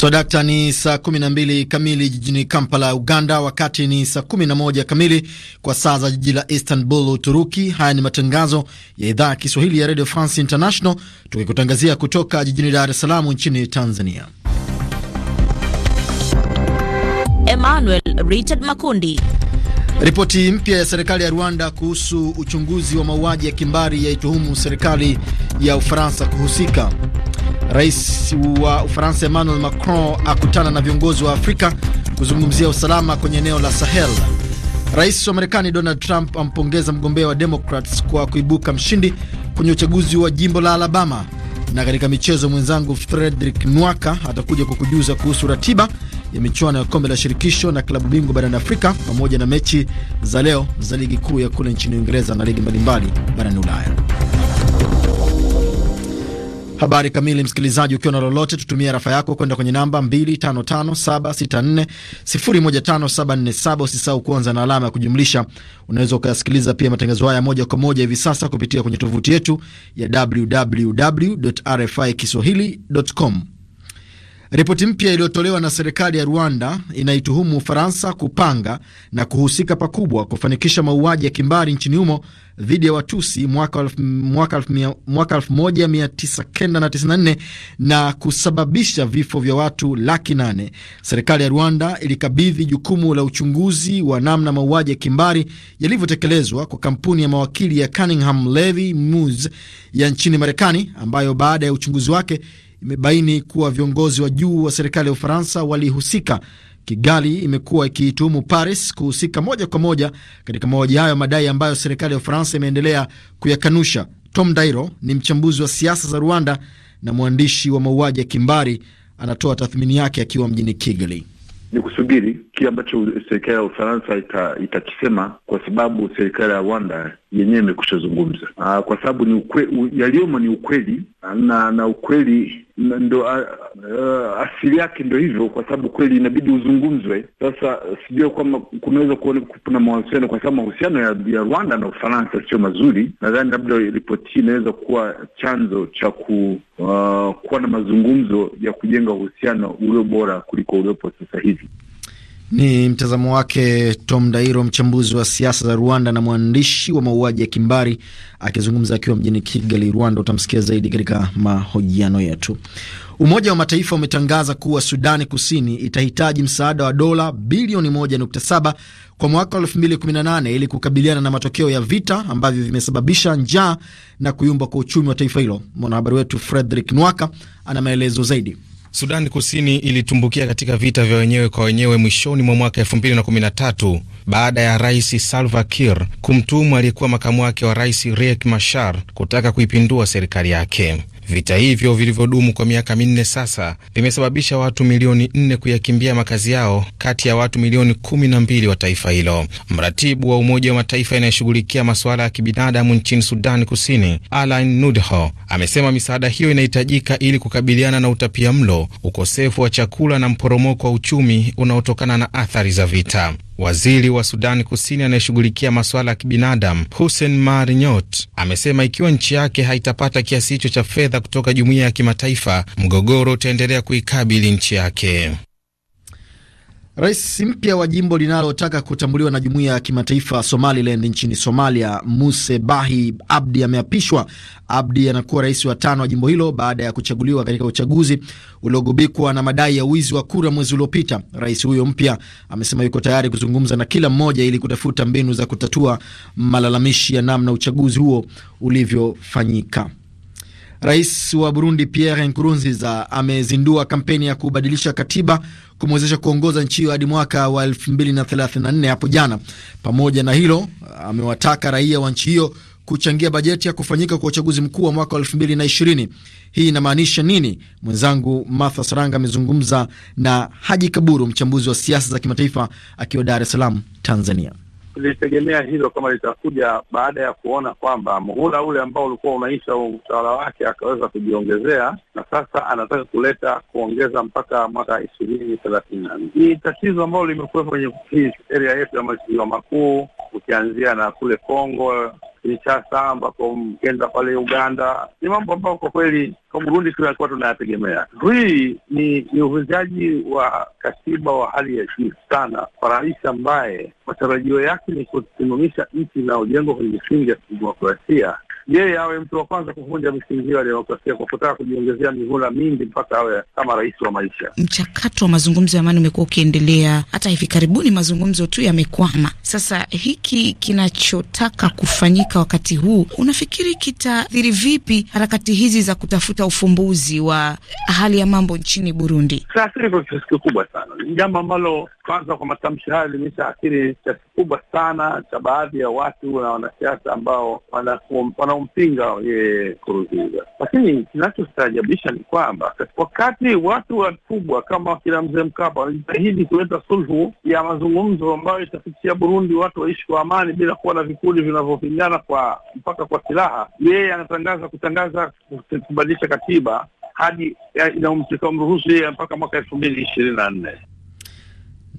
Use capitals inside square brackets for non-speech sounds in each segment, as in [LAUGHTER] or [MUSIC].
So dakta, ni saa 12 kamili jijini Kampala, Uganda, wakati ni saa 11 kamili kwa saa za jiji la Istanbul, Uturuki. Haya ni matangazo ya idhaa ya Kiswahili ya Radio France International, tukikutangazia kutoka jijini Dar es Salaam nchini Tanzania. Emmanuel Richard Makundi. Ripoti mpya ya serikali ya Rwanda kuhusu uchunguzi wa mauaji ya kimbari yaituhumu serikali ya Ufaransa kuhusika. Rais wa Ufaransa Emmanuel Macron akutana na viongozi wa Afrika kuzungumzia usalama kwenye eneo la Sahel. Rais wa Marekani Donald Trump ampongeza mgombea wa Democrats kwa kuibuka mshindi kwenye uchaguzi wa jimbo la Alabama. Na katika michezo, mwenzangu Fredrick Nwaka atakuja kukujuza kuhusu ratiba ya michuano ya kombe la shirikisho na klabu bingwa barani Afrika pamoja na mechi za leo za ligi kuu ya kule nchini Uingereza na ligi mbalimbali barani Ulaya. Habari kamili, msikilizaji, ukiwa na lolote, tutumia rafa yako kwenda kwenye namba 255764015747. Usisahau kuanza na alama ya kujumlisha. Unaweza ukayasikiliza pia matangazo haya moja kwa moja hivi sasa kupitia kwenye tovuti yetu ya www.rfikiswahili.com. Ripoti mpya iliyotolewa na serikali ya Rwanda inaituhumu Ufaransa kupanga na kuhusika pakubwa kufanikisha mauaji ya kimbari nchini humo dhidi ya Watusi mwaka 1994 na kusababisha vifo vya watu laki nane. Serikali ya Rwanda ilikabidhi jukumu la uchunguzi wa namna mauaji ya kimbari yalivyotekelezwa kwa kampuni ya mawakili ya Cunningham Levy Muds ya nchini Marekani, ambayo baada ya uchunguzi wake imebaini kuwa viongozi wa juu wa serikali ya Ufaransa walihusika. Kigali imekuwa ikiituhumu Paris kuhusika moja kwa moja katika mauaji hayo, madai ambayo serikali ya Ufaransa imeendelea kuyakanusha. Tom Dairo ni mchambuzi wa siasa za Rwanda na mwandishi wa mauaji ya kimbari, anatoa tathmini yake akiwa mjini Kigali. Ni kusubiri kile ambacho serikali ya Ufaransa ita, itakisema kwa sababu serikali ya Rwanda yenyewe imekusha zungumza, ah, kwa sababu ni yaliyomo ni ukweli na na ukweli ndo uh, asili yake ndo hivyo, kwa sababu kweli inabidi uzungumzwe. Sasa uh, sijua kama kunaweza kuona kuna mahusiano, kwa sababu mahusiano ya, ya Rwanda na Ufaransa sio mazuri. Nadhani labda ripoti hii inaweza kuwa chanzo cha ku, uh, kuwa na mazungumzo ya kujenga uhusiano ulio bora kuliko uliopo sasa hivi. Ni mtazamo wake Tom Dairo, mchambuzi wa siasa za Rwanda na mwandishi wa mauaji ya kimbari, akizungumza akiwa mjini Kigali, Rwanda. Utamsikia zaidi katika mahojiano yetu. Umoja wa Mataifa umetangaza kuwa Sudani Kusini itahitaji msaada wa dola bilioni 1.7 kwa mwaka wa 2018 ili kukabiliana na matokeo ya vita ambavyo vimesababisha njaa na kuyumba kwa uchumi wa taifa hilo. Mwanahabari wetu Frederick Nwaka ana maelezo zaidi. Sudan Kusini ilitumbukia katika vita vya wenyewe kwa wenyewe mwishoni mwa mwaka 2013 baada ya Rais Salva Kiir kumtumwa aliyekuwa makamu wake wa rais Riek Machar kutaka kuipindua serikali yake. Vita hivyo vilivyodumu kwa miaka minne sasa vimesababisha watu milioni nne kuyakimbia makazi yao kati ya watu milioni kumi na mbili wa taifa hilo. Mratibu wa Umoja wa Mataifa inayoshughulikia masuala ya kibinadamu nchini Sudani Kusini, Alan Nudho, amesema misaada hiyo inahitajika ili kukabiliana na utapia mlo, ukosefu wa chakula na mporomoko wa uchumi unaotokana na athari za vita. Waziri wa Sudani Kusini anayeshughulikia masuala ya kibinadamu Hussein Mar Nyot amesema ikiwa nchi yake haitapata kiasi hicho cha fedha kutoka jumuiya ya kimataifa, mgogoro utaendelea kuikabili nchi yake. Rais mpya wa jimbo linalotaka kutambuliwa na jumuiya ya kimataifa Somaliland nchini Somalia, Muse Bahi Abdi ameapishwa. Abdi anakuwa rais wa tano wa jimbo hilo baada ya kuchaguliwa katika uchaguzi uliogubikwa na madai ya wizi wa kura mwezi uliopita. Rais huyo mpya amesema yuko tayari kuzungumza na kila mmoja ili kutafuta mbinu za kutatua malalamishi ya namna uchaguzi huo ulivyofanyika. Rais wa Burundi Pierre Nkurunziza amezindua kampeni ya kubadilisha katiba kumwezesha kuongoza nchi hiyo hadi mwaka wa 2034 hapo jana. Pamoja na hilo, amewataka raia wa nchi hiyo kuchangia bajeti ya kufanyika kwa uchaguzi mkuu wa mwaka wa 2020. Hii inamaanisha nini? Mwenzangu Martha Saranga amezungumza na Haji Kaburu, mchambuzi wa siasa za kimataifa, akiwa Dar es Salaam, Tanzania nilitegemea hilo kama litakuja baada ya kuona kwamba muhula ule ambao ulikuwa unaisha utawala wake akaweza kujiongezea, na sasa anataka kuleta kuongeza mpaka mwaka ishirini thelathini na nne. Ni tatizo ambalo limekuwepo kwenye hii area yetu ya maziwa makuu, ukianzia na kule Kongo Kinshasa, ambapo mkenda pale Uganda, ni mambo ambayo kwa kweli kwa Burundi tunakuwa tunayategemea. Hii ni ni uvunjaji wa katiba wa hali ya juu sana kwa rais ambaye matarajio yake ni kusimamisha nchi inayojengwa kwenye misingi ya kidemokrasia yeye awe mtu wa kwanza kuvunja misingi hiyo ya demokrasia kwa kutaka kujiongezea mihula mingi mpaka awe kama rais wa maisha. Mchakato wa mazungumzo ya amani umekuwa ukiendelea, hata hivi karibuni mazungumzo tu yamekwama. Sasa hiki kinachotaka kufanyika wakati huu, unafikiri kitaathiri vipi harakati hizi za kutafuta ufumbuzi wa hali ya mambo nchini Burundi? Itaathiri kwa kiasi kikubwa sana. Ni jambo ambalo kwanza kwa matamshi hayo limesha athiri kiasi kikubwa sana cha baadhi ya watu na wanasiasa ambao wana wanaompinga Nkurunziza, lakini kinachostaajabisha ni kwamba wakati watu wakubwa kama wakina mzee Mkapa wanajitahidi kuleta suluhu ya mazungumzo ambayo itafikia Burundi watu waishi kwa amani bila kuwa na vikundi vinavyopingana kwa mpaka kwa silaha, yeye anatangaza kutangaza kubadilisha katiba hadi inaomruhusu yeye mpaka mwaka elfu mbili ishirini na nne.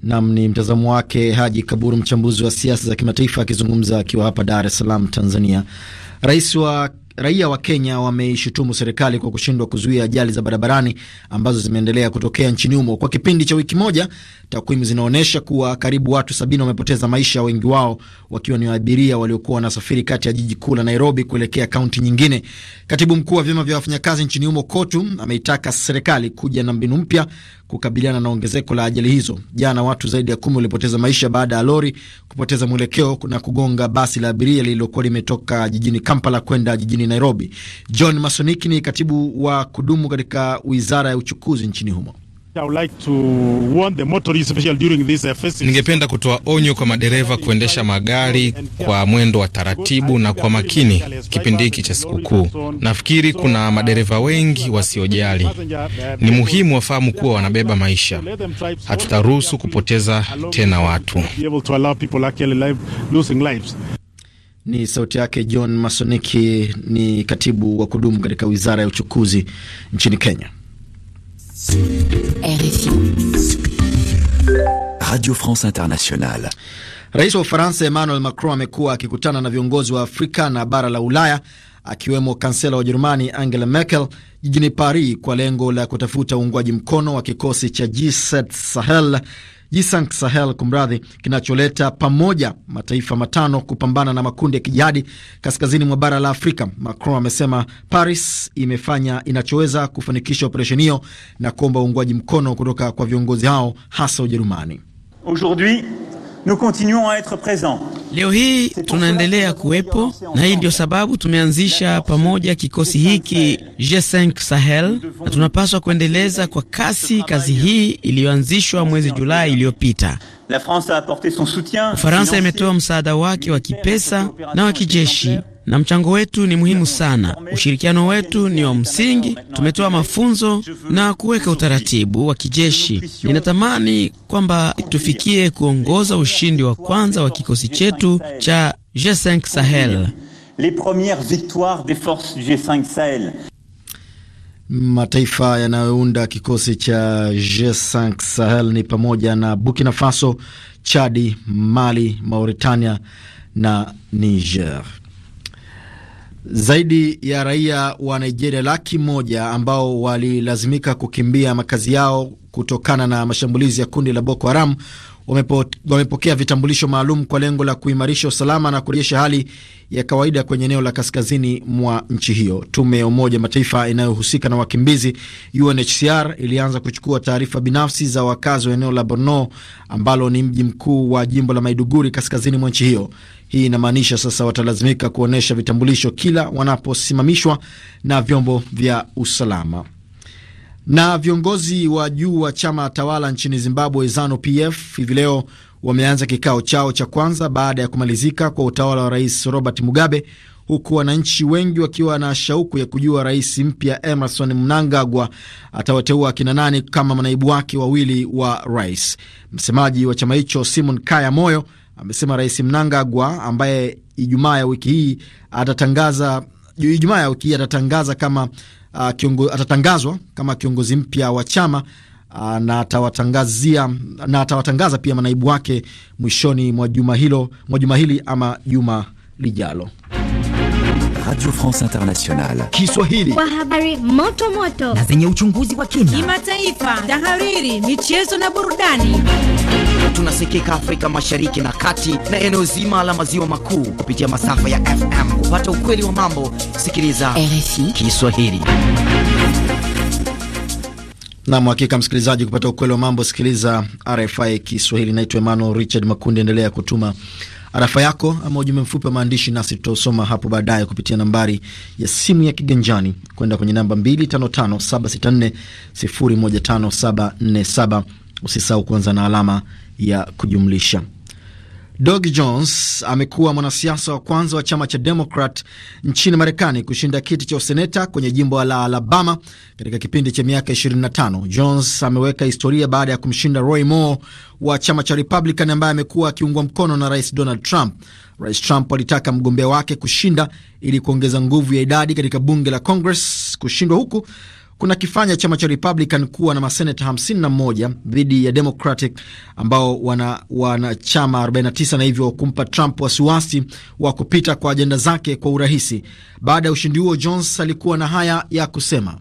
Nam ni mtazamo wake Haji Kaburu, mchambuzi wa siasa za kimataifa akizungumza akiwa hapa Dar es Salaam, Tanzania. Rais wa raia wa Kenya wameishutumu serikali kwa kushindwa kuzuia ajali za barabarani ambazo zimeendelea kutokea nchini humo kwa kipindi cha wiki moja. Takwimu zinaonyesha kuwa karibu watu sabini wamepoteza maisha, wengi wao wakiwa ni waabiria waliokuwa wanasafiri kati ya jiji kuu la Nairobi kuelekea kaunti nyingine. Katibu mkuu wa vyama vya wafanyakazi nchini humo KOTU ameitaka serikali kuja na mbinu mpya kukabiliana na ongezeko la ajali hizo. Jana watu zaidi ya kumi walipoteza maisha baada ya lori kupoteza mwelekeo na kugonga basi la abiria lililokuwa limetoka jijini Kampala kwenda jijini Nairobi. John Masoniki ni katibu wa kudumu katika wizara ya uchukuzi nchini humo. Uh, Ningependa kutoa onyo kwa madereva kuendesha magari kwa mwendo wa taratibu na kwa makini kipindi hiki cha sikukuu. Nafikiri kuna madereva wengi wasiojali. Uh, ni muhimu wafahamu kuwa wanabeba maisha. Hatutaruhusu kupoteza tena watu. Ni sauti yake John Masoniki, ni katibu wa kudumu katika wizara ya uchukuzi nchini Kenya. RFI. Radio France Internationale. Rais wa Ufaransa Emmanuel Macron amekuwa akikutana na viongozi wa Afrika na bara la Ulaya akiwemo kansela wa Ujerumani Angela Merkel jijini Paris kwa lengo la kutafuta uungwaji mkono wa kikosi cha G7 Sahel Yisank Sahel, kumradhi, kinacholeta pamoja mataifa matano kupambana na makundi ya kijihadi kaskazini mwa bara la Afrika. Macron amesema Paris imefanya inachoweza kufanikisha operesheni hiyo na kuomba uungwaji mkono kutoka kwa viongozi hao hasa Ujerumani. Leo hii tunaendelea kuwepo na hii ndio sababu tumeanzisha pamoja kikosi hiki G5 Sahel, na tunapaswa kuendeleza kwa kasi kazi hii iliyoanzishwa mwezi Julai iliyopita. Ufaransa imetoa msaada wake wa kipesa na wa kijeshi na mchango wetu ni muhimu sana. Ushirikiano wetu ni wa msingi. Tumetoa mafunzo na kuweka utaratibu wa kijeshi. Ninatamani kwamba tufikie kuongoza ushindi wa kwanza wa kikosi chetu cha G5 Sahel. Mataifa yanayounda kikosi cha G5 Sahel ni pamoja na Burkina Faso, Chadi, Mali, Mauritania na Niger. Zaidi ya raia wa Nigeria laki moja ambao walilazimika kukimbia makazi yao kutokana na mashambulizi ya kundi la Boko Haram wamepo, wamepokea vitambulisho maalum kwa lengo la kuimarisha usalama na kurejesha hali ya kawaida kwenye eneo la kaskazini mwa nchi hiyo. Tume ya Umoja Mataifa inayohusika na wakimbizi UNHCR ilianza kuchukua taarifa binafsi za wakazi wa eneo la Borno ambalo ni mji mkuu wa jimbo la Maiduguri kaskazini mwa nchi hiyo. Hii inamaanisha sasa watalazimika kuonyesha vitambulisho kila wanaposimamishwa na vyombo vya usalama. Na viongozi wa juu wa chama tawala nchini Zimbabwe Zanu PF hivi leo wameanza kikao chao cha kwanza baada ya kumalizika kwa utawala wa Rais Robert Mugabe, huku wananchi wengi wakiwa na shauku ya kujua rais mpya Emerson Mnangagwa atawateua akina nani kama manaibu wake wawili wa rais. Msemaji wa chama hicho Simon Kaya Moyo amesema Rais Mnangagwa ambaye Ijumaa ya wiki hii atatangaza Ijumaa ya wiki hii atatangaza kama uh, ah, kiongo, atatangazwa kama kiongozi mpya wa chama uh, na atawatangazia na atawatangaza pia manaibu wake mwishoni mwa juma hilo mwa juma hili ama juma lijalo. Radio France Internationale. Kiswahili. Kwa habari moto moto na zenye uchunguzi wa kina, kimataifa, tahariri, michezo na burudani. Tunasikika Afrika Mashariki na Kati na eneo zima la Maziwa Makuu kupitia masafa ya FM. Kupata ukweli wa mambo, sikiliza RFI Kiswahili. Na hakika, msikilizaji, kupata ukweli wa mambo, sikiliza RFI Kiswahili. Naitwa Emmanuel Richard Makundi, endelea kutuma arafa yako ama ujumbe mfupi wa maandishi, nasi tutausoma hapo baadaye kupitia nambari ya simu ya kiganjani kwenda kwenye namba 255764015747. Usisahau kuanza na alama ya kujumlisha. Doug Jones amekuwa mwanasiasa wa kwanza wa chama cha Demokrat nchini Marekani kushinda kiti cha useneta kwenye jimbo la Alabama katika kipindi cha miaka 25. Jones ameweka historia baada ya kumshinda Roy Moore wa chama cha Republican ambaye amekuwa akiungwa mkono na Rais Donald Trump. Rais Trump alitaka mgombea wake kushinda ili kuongeza nguvu ya idadi katika bunge la Congress. Kushindwa huku kuna kifanya chama cha Republican kuwa na maseneta 51 dhidi ya Democratic ambao wana wanachama 49 na hivyo kumpa Trump wasiwasi wa kupita kwa ajenda zake kwa urahisi. Baada ya ushindi huo, Jones alikuwa na haya ya kusema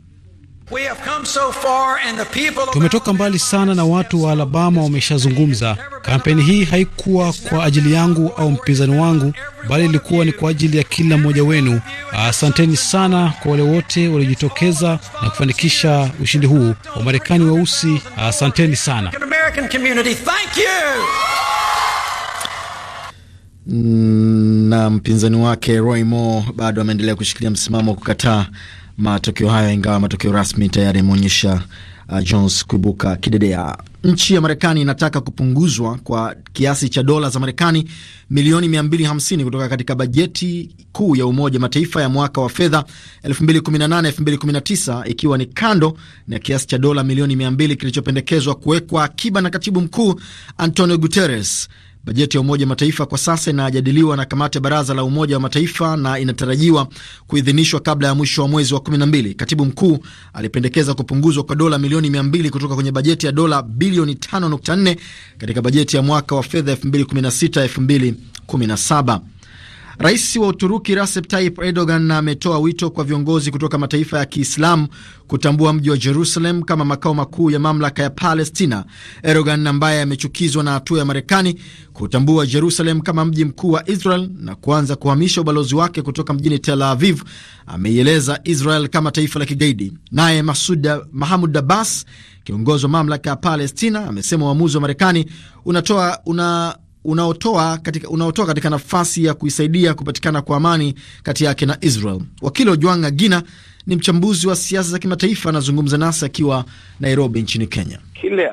tumetoka mbali sana na watu wa Alabama wameshazungumza. Kampeni hii haikuwa kwa ajili yangu au mpinzani wangu, bali ilikuwa ni kwa ajili ya kila mmoja wenu. Asanteni sana kwa wale wote waliojitokeza na kufanikisha ushindi huu. Wamarekani weusi, asanteni sana. Na mpinzani wake Roy Moore bado ameendelea kushikilia msimamo wa kukataa matokeo hayo, ingawa matokeo rasmi tayari yameonyesha uh, Jones kuibuka kidedea. Nchi ya Marekani inataka kupunguzwa kwa kiasi cha dola za Marekani milioni 250 kutoka katika bajeti kuu ya Umoja Mataifa ya mwaka wa fedha 2018-2019 ikiwa ni kando na kiasi cha dola milioni 200 kilichopendekezwa kuwekwa akiba na katibu mkuu Antonio Guterres. Bajeti ya Umoja wa Mataifa kwa sasa inajadiliwa na kamati ya Baraza la Umoja wa Mataifa na inatarajiwa kuidhinishwa kabla ya mwisho wa mwezi wa 12. Katibu mkuu alipendekeza kupunguzwa kwa dola milioni 200 kutoka kwenye bajeti ya dola bilioni 5.4 katika bajeti ya mwaka wa fedha 2016/2017. Rais wa Uturuki Recep Tayyip Erdogan ametoa wito kwa viongozi kutoka mataifa ya Kiislamu kutambua mji wa Jerusalem kama makao makuu ya mamlaka ya Palestina. Erdogan ambaye amechukizwa na hatua ya Marekani kutambua Jerusalem kama mji mkuu wa Israel na kuanza kuhamisha ubalozi wake kutoka mjini Tel Aviv ameieleza Israel kama taifa la kigaidi. Naye Mahamud Abbas, kiongozi wa mamlaka ya Palestina, amesema uamuzi wa Marekani unatoa una unaotoa katika, unaotoa katika nafasi ya kuisaidia kupatikana kwa amani kati yake na Israel. Wakili Ojwang Agina ni mchambuzi wa siasa za kimataifa, anazungumza nasi akiwa Nairobi nchini Kenya. Kile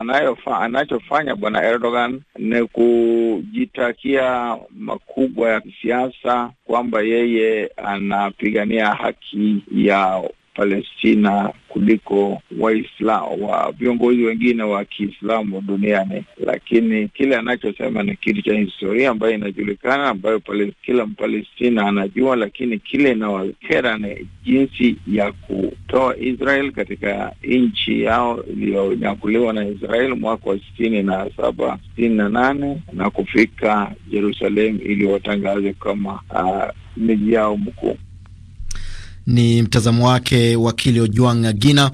anayofa, anachofanya bwana Erdogan ni kujitakia makubwa ya kisiasa, kwamba yeye anapigania haki ya Palestina kuliko Waislamu wa viongozi wengine wa Kiislamu duniani, lakini kile anachosema ni kitu cha historia ambayo inajulikana, ambayo pale, kila Mpalestina anajua, lakini kile inawakera ni jinsi ya kutoa Israel katika nchi yao iliyonyakuliwa na Israel mwaka wa sitini na saba sitini na nane na kufika Jerusalem watangaze kama uh, miji yao mkuu. Ni mtazamo wake wakili Ojuang Agina,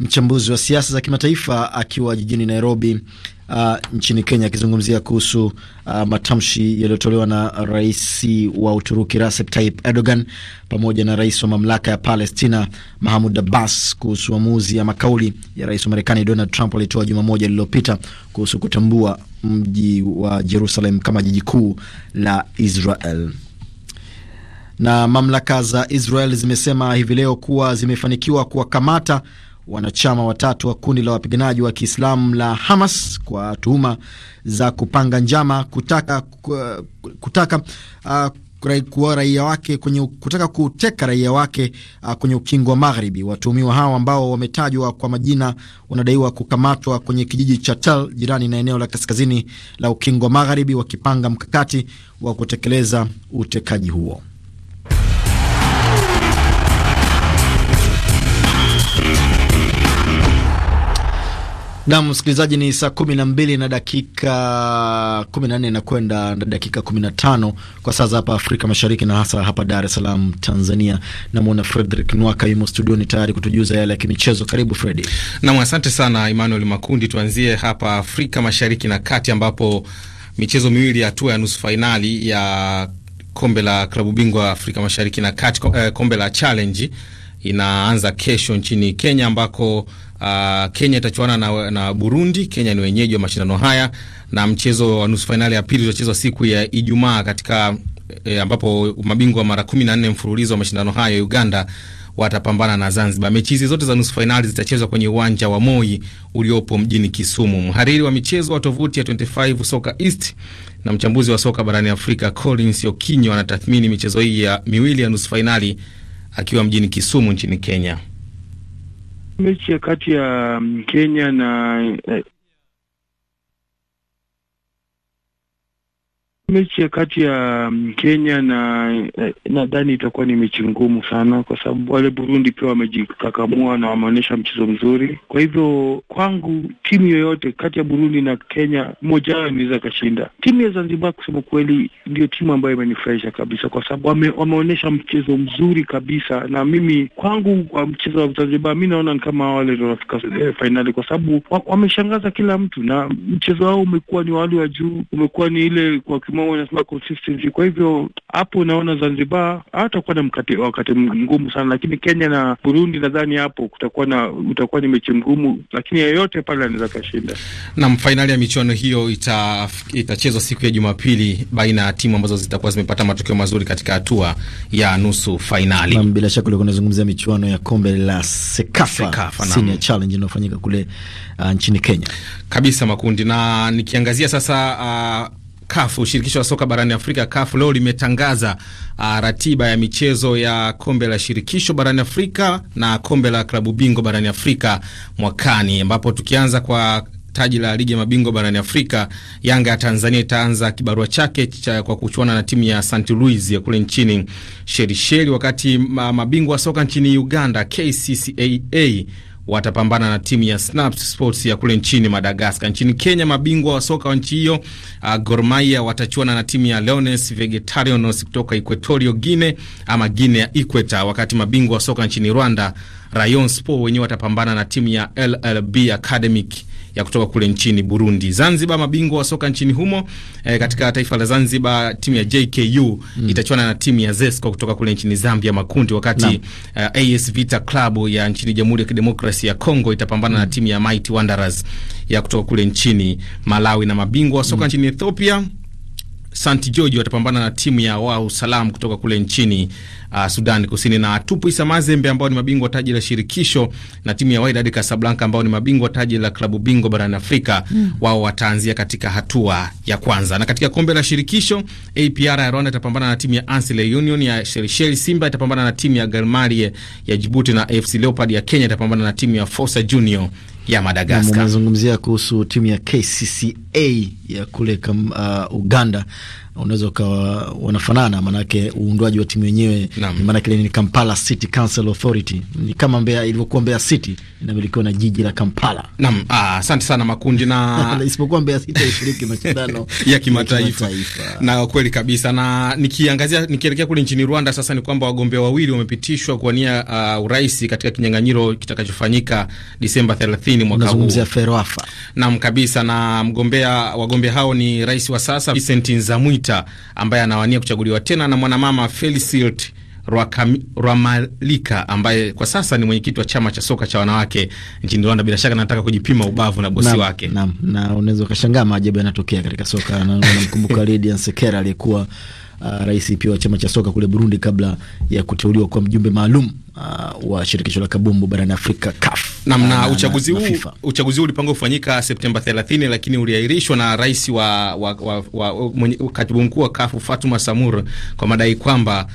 mchambuzi wa siasa za kimataifa akiwa jijini Nairobi uh, nchini Kenya, akizungumzia kuhusu uh, matamshi yaliyotolewa na rais wa Uturuki Recep Tayyip Erdogan pamoja na rais wa mamlaka ya Palestina Mahmud Abbas kuhusu uamuzi ya makauli ya rais wa Marekani Donald Trump alitoa juma moja lililopita kuhusu kutambua mji wa Jerusalem kama jiji kuu la Israel na mamlaka za Israel zimesema hivi leo kuwa zimefanikiwa kuwakamata wanachama watatu wa kundi la wapiganaji wa Kiislamu la Hamas kwa tuhuma za kupanga njama kutaka, kutaka uh, kuwa raia wake kwenye, kutaka kuteka raia wake uh, kwenye ukingo wa Magharibi. Watuhumiwa hao ambao wametajwa kwa majina wanadaiwa kukamatwa kwenye kijiji cha Tel jirani na eneo la kaskazini la ukingo wa Magharibi, wakipanga mkakati wa kutekeleza utekaji huo. Nam msikilizaji, ni saa kumi na mbili na dakika kumi na nne na kwenda na dakika kumi na tano kwa saa za hapa Afrika Mashariki na hasa hapa Dar es Salaam, Tanzania. Namwona Frederick Nwaka yumo studioni tayari kutujuza yale ya kimichezo. Karibu Fredi. Nam, asante sana Emmanuel Makundi. Tuanzie hapa Afrika Mashariki na Kati, ambapo michezo miwili ya hatua ya nusu fainali ya kombe la klabu bingwa Afrika Mashariki na Kati, eh, kombe la Challenge inaanza kesho nchini Kenya ambako Uh, Kenya itachuana na, na Burundi. Kenya ni wenyeji wa mashindano haya, na mchezo wa nusu fainali ya pili utachezwa siku ya Ijumaa katika e, ambapo mabingwa mara kumi na nne mfululizo wa mashindano hayo Uganda watapambana na Zanzibar. Mechi hizi zote za nusu fainali zitachezwa kwenye uwanja wa Moi uliopo mjini Kisumu. Mhariri wa michezo wa tovuti ya 25 Soka East na mchambuzi wa soka barani Afrika Collins Okinyo anatathmini michezo hii ya miwili ya nusu fainali akiwa mjini Kisumu nchini Kenya. Mechi ya kati ya mm, Kenya na eh, Mechi ya kati ya mm, Kenya na eh, nadhani itakuwa ni mechi ngumu sana, kwa sababu wale Burundi pia wamejikakamua na wameonyesha mchezo mzuri. Kwa hivyo kwangu, timu yoyote kati ya Burundi na Kenya, mmoja wao inaweza akashinda. Timu ya Zanzibar, kusema kweli, ndio timu ambayo imenifurahisha kabisa, kwa sababu wame, wameonyesha mchezo mzuri kabisa, na mimi kwangu, kwa mchezo wa Zanzibar, mi naona ni kama wale wanafika eh, fainali, kwa sababu wameshangaza kila mtu na mchezo wao umekuwa ni wali wa juu, umekuwa ni ile kwa kimo mambo yanasema consistency. Kwa hivyo hapo unaona Zanzibar hatakuwa na mkate, wakati mgumu sana, lakini Kenya na Burundi nadhani hapo kutakuwa na utakuwa ni mechi mgumu, lakini yeyote pale anaweza kashinda. Naam, fainali ya michuano hiyo ita itachezwa siku ya Jumapili baina ya timu ambazo zitakuwa zimepata matokeo mazuri katika hatua ya nusu fainali. Naam, bila shaka ulikuwa unazungumzia michuano ya kombe la Sekafa, Sekafa Senior Challenge inayofanyika kule uh, nchini Kenya kabisa makundi, na nikiangazia sasa uh, CAF, shirikisho la soka barani Afrika, CAF leo limetangaza uh, ratiba ya michezo ya kombe la shirikisho barani Afrika na kombe la klabu bingwa barani Afrika mwakani, ambapo tukianza kwa taji la ligi ya mabingwa barani Afrika, Yanga ya Tanzania itaanza kibarua chake cha kwa kuchuana na timu ya St Louis ya kule nchini Shelisheli, wakati mabingwa wa soka nchini Uganda KCCAA watapambana na timu ya Snaps Sports ya kule nchini Madagaskar. Nchini Kenya, mabingwa wa soka wa nchi hiyo uh, Gor Mahia watachuana na timu ya Leones Vegetarianos kutoka Equatorio Guine ama Guine ya Ikweta, wakati mabingwa wa soka nchini Rwanda Rayon Sport wenyewe watapambana na timu ya LLB Academic ya kutoka kule nchini Burundi. Zanzibar mabingwa wa soka nchini humo eh, katika taifa la Zanzibar timu ya JKU mm. itachuana na timu ya Zesco kutoka kule nchini Zambia makundi, wakati uh, eh, AS Vita Club ya nchini Jamhuri ya Kidemokrasia ya Kongo itapambana mm. na timu ya Mighty Wanderers ya kutoka kule nchini Malawi na mabingwa wa soka mm. nchini Ethiopia St George watapambana na timu ya Wau Salam kutoka kule nchini uh, Sudan Kusini, na Isa Mazembe ambao ni mabingwa taji la shirikisho na timu ya Wydad Casablanca ambao ni mabingwa taji la klabu bingwa barani Afrika mm. wao wataanzia katika hatua ya kwanza. Na katika kombe la shirikisho APR ya Rwanda itapambana na timu ya Ansele Union ya Seychelles, Simba itapambana na timu ya Galmarie ya jibuti na AFC Leopard ya Kenya itapambana na timu ya Fosa Junior ya Madagaskar. Umezungumzia kuhusu timu ya KCCA ya kule uh, Uganda unaweza ukawa wanafanana, maanake uundwaji wa timu yenyewe, maanake ile ni Kampala City Council Authority, ni kama Mbeya ilivyokuwa Mbeya City inamilikiwa na jiji la Kampala. Naam, ah, asante sana makundi na [LAUGHS] isipokuwa Mbeya City ishiriki mashindano [LAUGHS] ya kimataifa kima na kweli kabisa. Na nikiangazia nikielekea kule nchini Rwanda sasa, ni kwamba wagombea wawili wamepitishwa kuwania uh, urais katika kinyang'anyiro kitakachofanyika Disemba 30 mwaka huu. Naam kabisa, na mgombea wagombea hao ni rais wa sasa Vincent Nzamwita sita ambaye anawania kuchaguliwa tena na mwanamama Felicilt Rwamalika ambaye kwa sasa ni mwenyekiti wa chama cha soka cha wanawake nchini Rwanda. Bila shaka nataka kujipima ubavu na bosi wake na, na unaweza ukashangaa maajabu yanatokea katika soka. Namkumbuka Lydia Nsekera aliyekuwa Uh, rais pia wa chama cha soka kule Burundi kabla ya kuteuliwa kwa mjumbe maalum Uh, wa shirikisho la kabumbu barani Afrika CAF. Namna na uchaguzi huu na, na uchaguzi huu ulipangwa kufanyika Septemba 30 lakini uliahirishwa na rais wa, wa, wa, wa mwenye, katibu mkuu wa CAF Fatuma Samur kwa madai kwamba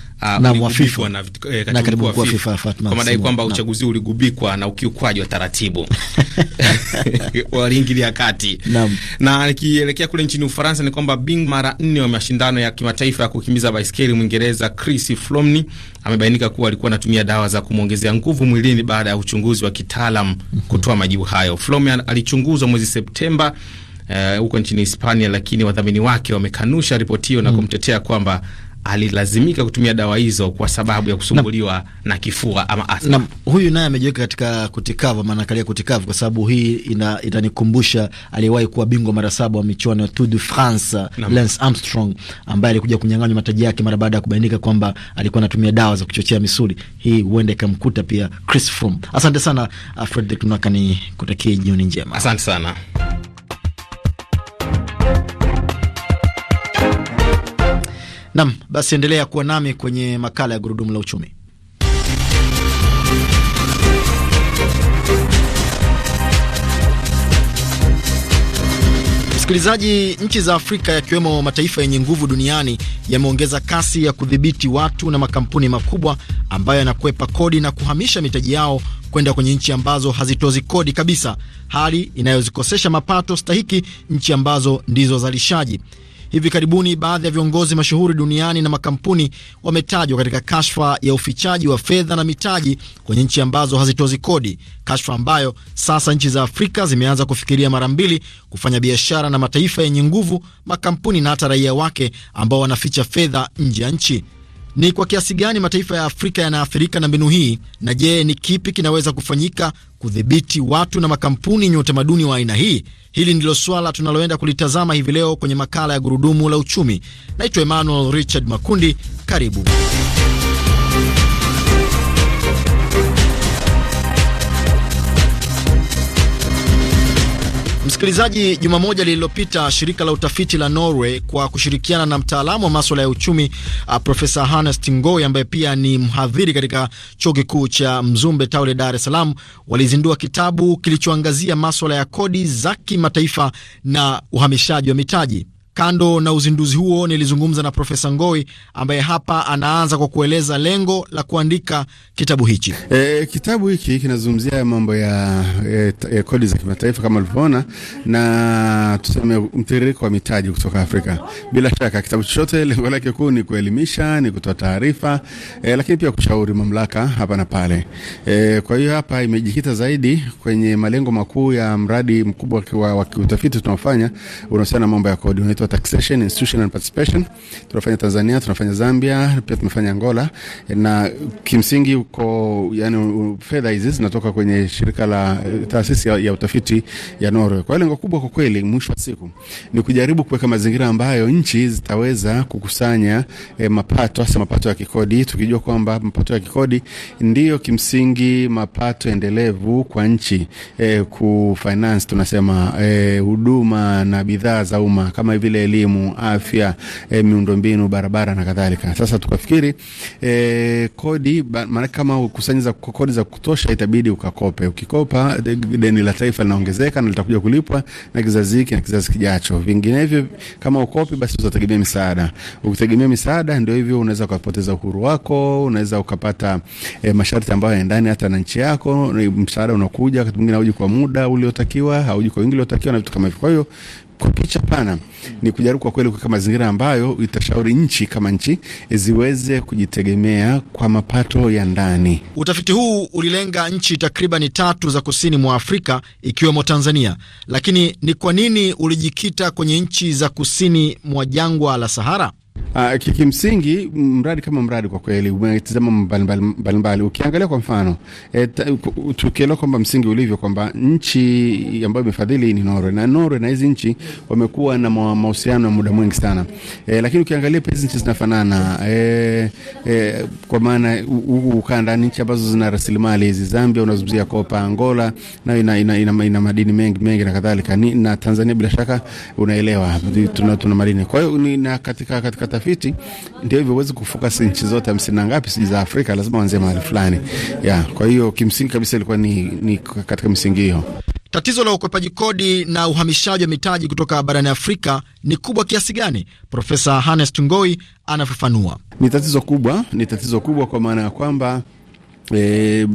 uh, uligubikwa na, eh, na katibu mkuu wa FIFA Fatuma kwa madai kwamba uchaguzi uligubikwa na ukiukwaji wa taratibu [LAUGHS] [LAUGHS] waliingilia kati. Naam. Na nikielekea kule nchini Ufaransa ni kwamba bing mara nne wa mashindano ya kimataifa ya kukimbiza baiskeli Mwingereza Chris Flomny amebainika kuwa alikuwa anatumia dawa za kumwongezea nguvu mwilini baada ya uchunguzi wa kitaalam kutoa majibu hayo. Flomyan alichunguzwa mwezi Septemba eh, huko uh, nchini Hispania, lakini wadhamini wake wamekanusha ripoti hiyo na kumtetea kwamba alilazimika kutumia dawa hizo kwa sababu ya kusumbuliwa na, na kifua ama asma. Na, huyu naye amejiweka katika kutikavu, maana kalia kutikavu kwa sababu hii ina, itanikumbusha aliyewahi kuwa bingwa mara saba wa michuano ya Tour de France Lance Armstrong ambaye alikuja kunyang'anywa mataji yake mara baada ya kubainika kwamba alikuwa anatumia dawa za kuchochea misuli. Hii huenda ikamkuta pia Chris Froome. Asante sana Fredrick Nwaka, ni kutakie jioni njema. Asante sana. Nam, basi endelea kuwa nami kwenye makala ya gurudumu la uchumi. Msikilizaji, nchi za Afrika yakiwemo mataifa yenye nguvu duniani yameongeza kasi ya kudhibiti watu na makampuni makubwa ambayo yanakwepa kodi na kuhamisha mitaji yao kwenda kwenye nchi ambazo hazitozi kodi kabisa, hali inayozikosesha mapato stahiki nchi ambazo ndizo zalishaji. Hivi karibuni baadhi ya viongozi mashuhuri duniani na makampuni wametajwa katika kashfa ya ufichaji wa fedha na mitaji kwenye nchi ambazo hazitozi kodi, kashfa ambayo sasa nchi za Afrika zimeanza kufikiria mara mbili kufanya biashara na mataifa yenye nguvu, makampuni na hata raia wake ambao wanaficha fedha nje ya nchi. Ni kwa kiasi gani mataifa ya Afrika yanaathirika na mbinu hii, na je, ni kipi kinaweza kufanyika kudhibiti watu na makampuni yenye utamaduni wa aina hii? Hili ndilo swala tunaloenda kulitazama hivi leo kwenye makala ya gurudumu la uchumi. Naitwa Emmanuel Richard Makundi, karibu. Msikilizaji, juma moja lililopita, shirika la utafiti la Norway kwa kushirikiana na mtaalamu wa maswala ya uchumi uh, Profesa Hannes Tingoi ambaye pia ni mhadhiri katika chuo kikuu cha Mzumbe Taule, Dar es Salaam, walizindua kitabu kilichoangazia maswala ya kodi za kimataifa na uhamishaji wa mitaji. Kando na uzinduzi huo, nilizungumza na Profesa Ngoi ambaye hapa anaanza kwa kueleza lengo la kuandika kitabu hichi. E, kitabu hiki kinazungumzia mambo ya e, e, kodi za kimataifa kama ulivyoona, na tuseme mtiririko wa mitaji kutoka Afrika. Bila shaka kitabu chochote lengo lake kuu ni kuelimisha, ni kutoa taarifa e, lakini pia kushauri mamlaka hapa na pale. E, kwa hiyo hapa imejikita zaidi kwenye malengo makuu ya mradi mkubwa wa kiutafiti tunaofanya unahusiana na mambo ya kodi unaitwa wa taxation institution and participation. Tunafanya Tanzania, tunafanya Zambia, pia tumefanya Angola, na kimsingi uko yani, fedha hizi zinatoka kwenye shirika la eh, taasisi ya, ya utafiti ya Norway. Kwa lengo kubwa kwa kweli, mwisho wa siku ni kujaribu kuweka mazingira ambayo nchi zitaweza kukusanya eh, mapato hasa mapato ya kikodi, tukijua kwamba mapato ya kikodi ndiyo kimsingi mapato endelevu kwa nchi eh, kufinance tunasema eh, huduma na bidhaa za umma kama hivi vile elimu, afya, e, miundombinu, barabara na kadhalika. Sasa tukafikiri e, kodi maana kama ukusanyiza kodi za kutosha itabidi ukakope. Ukikopa deni la taifa linaongezeka na litakuja kulipwa na kizazi hiki na kizazi kijacho. Vinginevyo kama ukopi, basi utategemea misaada. Ukitegemea misaada, ndio hivyo, unaweza kupoteza uhuru wako, unaweza ukapata e, masharti ambayo yanaendani hata na nchi yako. Msaada unakuja wakati mwingine hauji kwa muda uliotakiwa, hauji kwa wingi uliotakiwa na vitu kama hivyo. Kwa hiyo kwa picha pana ni kujaribu kwa kweli kuweka mazingira ambayo itashauri nchi kama nchi ziweze kujitegemea kwa mapato ya ndani. Utafiti huu ulilenga nchi takribani tatu za kusini mwa Afrika ikiwemo Tanzania, lakini ni kwa nini ulijikita kwenye nchi za kusini mwa jangwa la Sahara? Uh, kimsingi mradi kama mradi kwa kweli umetizama mbalimbali. Ukiangalia kwa mfano e, tukielewa kwamba msingi ulivyo kwamba nchi ambayo imefadhili ni Norway na Norway na hizi nchi wamekuwa na mahusiano ya muda mwingi sana e, lakini ukiangalia pia hizi nchi zinafanana e, e, kwa maana huu ukanda nchi ambazo zina rasilimali hizi. Zambia unazungumzia kopa, Angola nayo ina, ina, ina, ina madini mengi mengi na kadhalika, na Tanzania bila shaka unaelewa tuna, tuna madini kwa hiyo na katika, katika utafiti, ndio hivyo, huwezi kufocus nchi zote hamsini na ngapi za Afrika, lazima uanze mahali fulani ya. Kwa hiyo kimsingi kabisa ilikuwa ni, ni katika misingi hiyo. Tatizo la ukwepaji kodi na uhamishaji wa mitaji kutoka barani Afrika ni kubwa kiasi gani? Profesa Hannes Tungoi anafafanua. Ni tatizo kubwa, ni tatizo kubwa kwa maana ya kwamba E,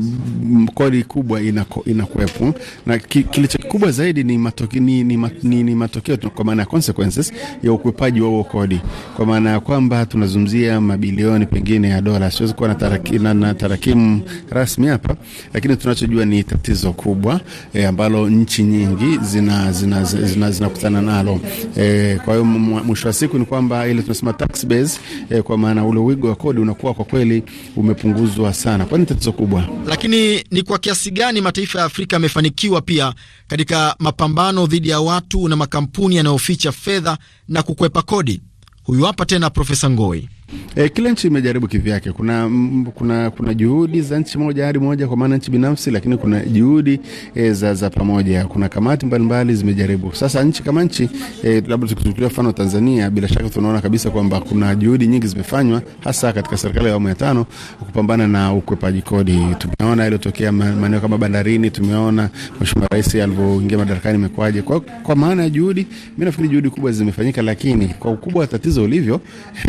kodi kubwa inakuwepo na ki, kilicho kikubwa zaidi ni, matoke, ni, ni, ni, ni matokeo kwa maana ya consequences ya ukwepaji wa huo kodi, kwa maana ya kwamba tunazungumzia mabilioni pengine ya dola. Siwezi kuwa na, tarakimu na, tarakimu rasmi hapa, lakini tunachojua ni tatizo kubwa e, ambalo nchi nyingi zinakutana zina, zina, zina, zina nalo e, kwa hiyo mwisho wa siku ni kwamba ile tunasema tax base e, kwa maana ule wigo wa kodi unakuwa kwa kweli umepunguzwa sana kwani tatizo kubwa. Lakini ni kwa kiasi gani mataifa ya Afrika yamefanikiwa pia katika mapambano dhidi ya watu na makampuni yanayoficha fedha na kukwepa kodi? Huyu hapa tena Profesa Ngoi. E, kila nchi imejaribu kivyake. Kuna, kuna, kuna juhudi za nchi moja hadi moja kwa maana nchi binafsi, lakini kuna juhudi e, za, za pamoja. Kuna kamati mbalimbali mbali zimejaribu. Sasa nchi kama nchi e, labda tukichukulia mfano Tanzania, bila shaka tunaona kabisa kwamba kuna juhudi nyingi zimefanywa hasa katika serikali ya awamu ya tano kupambana na ukwepaji kodi. Tumeona iliyotokea maeneo kama bandarini, tumeona Mheshimiwa Rais alivyoingia madarakani imekwaje. Kwa, kwa maana ya juhudi, mimi nafikiri juhudi kubwa zimefanyika, lakini kwa ukubwa wa tatizo ulivyo,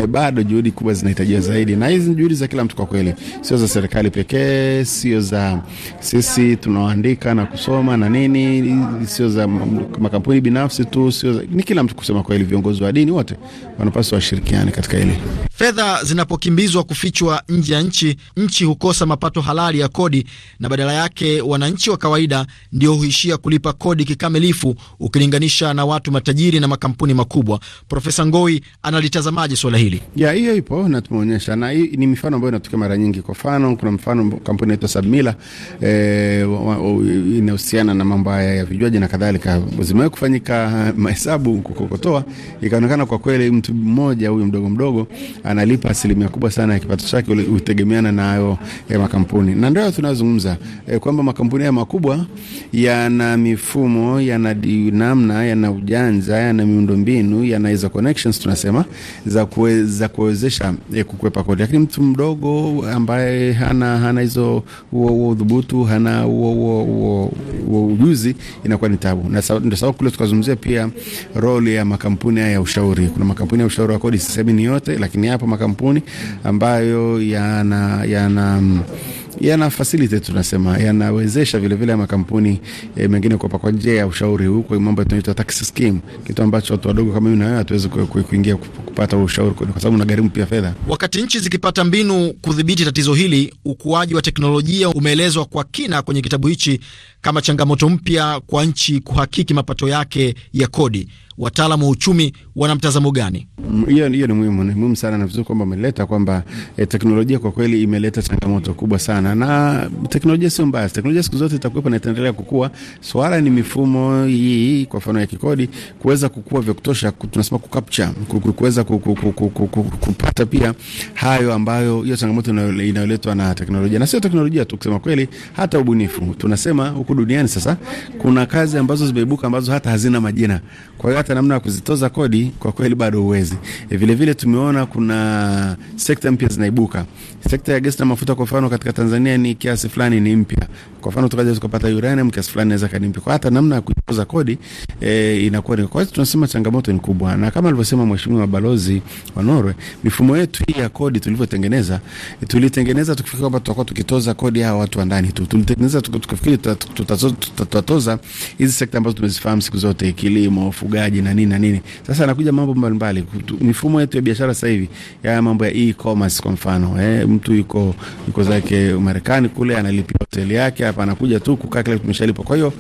e, bado juhudi juhudi kubwa zinahitajika zaidi, na hizi ni juhudi za kila mtu kwa kweli, sio za serikali pekee, sio za sisi tunaoandika na kusoma na nini, sio za makampuni binafsi tu, sio za, ni kila mtu kusema kweli. Viongozi wa dini wote wanapaswa washirikiane katika hili. Fedha zinapokimbizwa kufichwa nje ya nchi, nchi hukosa mapato halali ya kodi, na badala yake wananchi wa kawaida ndio huishia kulipa kodi kikamilifu ukilinganisha na watu matajiri na makampuni makubwa. Profesa Ngoi analitazamaje swala hili? Yeah, hiyo ipo na tumeonyesha, na hii ni mifano ambayo inatokea mara nyingi. Kwa mfano, kuna mfano kampuni inaitwa Sabmila eh, inahusiana na mambo haya ya vinywaji na kadhalika. Zimewahi kufanyika eh, mahesabu kukokotoa, ikaonekana kwa kweli mtu mmoja huyu mdogo mdogo analipa asilimia kubwa sana ya kipato chake utegemeana na hayo ya eh, makampuni, na ndio tunazungumza eh, kwamba makampuni haya makubwa yana mifumo, yana namna, yana ujanja, yana miundombinu, yanaweza connections tunasema za kuweza kuwezesha kuwezesha eh, kukwepa kodi, lakini mtu mdogo ambaye hana hana hizo huo huo udhubutu hana huo huo ujuzi inakuwa ni tabu, na ndio sababu kule tukazungumzia pia role ya makampuni haya ya ushauri. Kuna makampuni ya ushauri wa kodi, sisemi ni yote, lakini yapo makampuni ambayo yana yana yana facilitate, tunasema yanawezesha vilevile makampuni eh, mengine kwa kwa njia ya ushauri, huu kwa mambo tunaitwa tax scheme, kitu ambacho watu wadogo kama mimi na wewe hatuwezi kuingia kupata ushauri, kwa sababu gharimu pia fedha. Wakati nchi zikipata mbinu kudhibiti tatizo hili, ukuaji wa teknolojia umeelezwa kwa kina kwenye kitabu hichi kama changamoto mpya kwa nchi kuhakiki mapato yake ya kodi wataalamu wa uchumi wana mtazamo gani? Hiyo ni muhimu, ni muhimu sana na vizuri kwamba umeleta kwamba e, teknolojia kwa kweli imeleta changamoto kubwa sana, na teknolojia sio mbaya. Teknolojia siku zote itakuwepo na itaendelea kukua. Swala ni mifumo hii, kwa mfano ya kikodi, kuweza kukua vya kutosha, tunasema kukapcha, kuweza kupata pia hayo ambayo, hiyo changamoto inayoletwa na teknolojia, na sio teknolojia tu, kusema kweli, hata ubunifu. Tunasema huku duniani sasa kuna kazi ambazo zimeibuka ambazo hata hazina majina, kwa hiyo hata kutafuta namna ya kuzitoza kodi kwa kweli bado huwezi. E, vile vile tumeona kuna sekta mpya zinaibuka. Sekta ya gesi na mafuta kwa mfano katika Tanzania ni kiasi fulani ni mpya. Kwa mfano tukaja tukapata uranium kiasi fulani inaweza kani mpya. Kwa hata namna ya kuitoza kodi e, inakuwa ni kwa hiyo tunasema changamoto ni kubwa. Na kama alivyosema mheshimiwa balozi wa Norway, mifumo yetu hii ya kodi tulivyotengeneza, e, tulitengeneza tukifikiri kwamba tutakuwa tukitoza kodi hawa watu wa ndani tu. Tulitengeneza tukifikiri tutatoza hizi sekta ambazo tumezifahamu siku zote, kilimo, ufugaji uwekezaji na nini na nini. Sasa anakuja mambo mbalimbali, mifumo yetu ya biashara sasa hivi ya mambo ya e-commerce kwa mfano eh, mtu yuko yuko zake Marekani kule analipia hoteli yake hapa, anakuja tu kukaa kile tumeshalipa. Kwa hiyo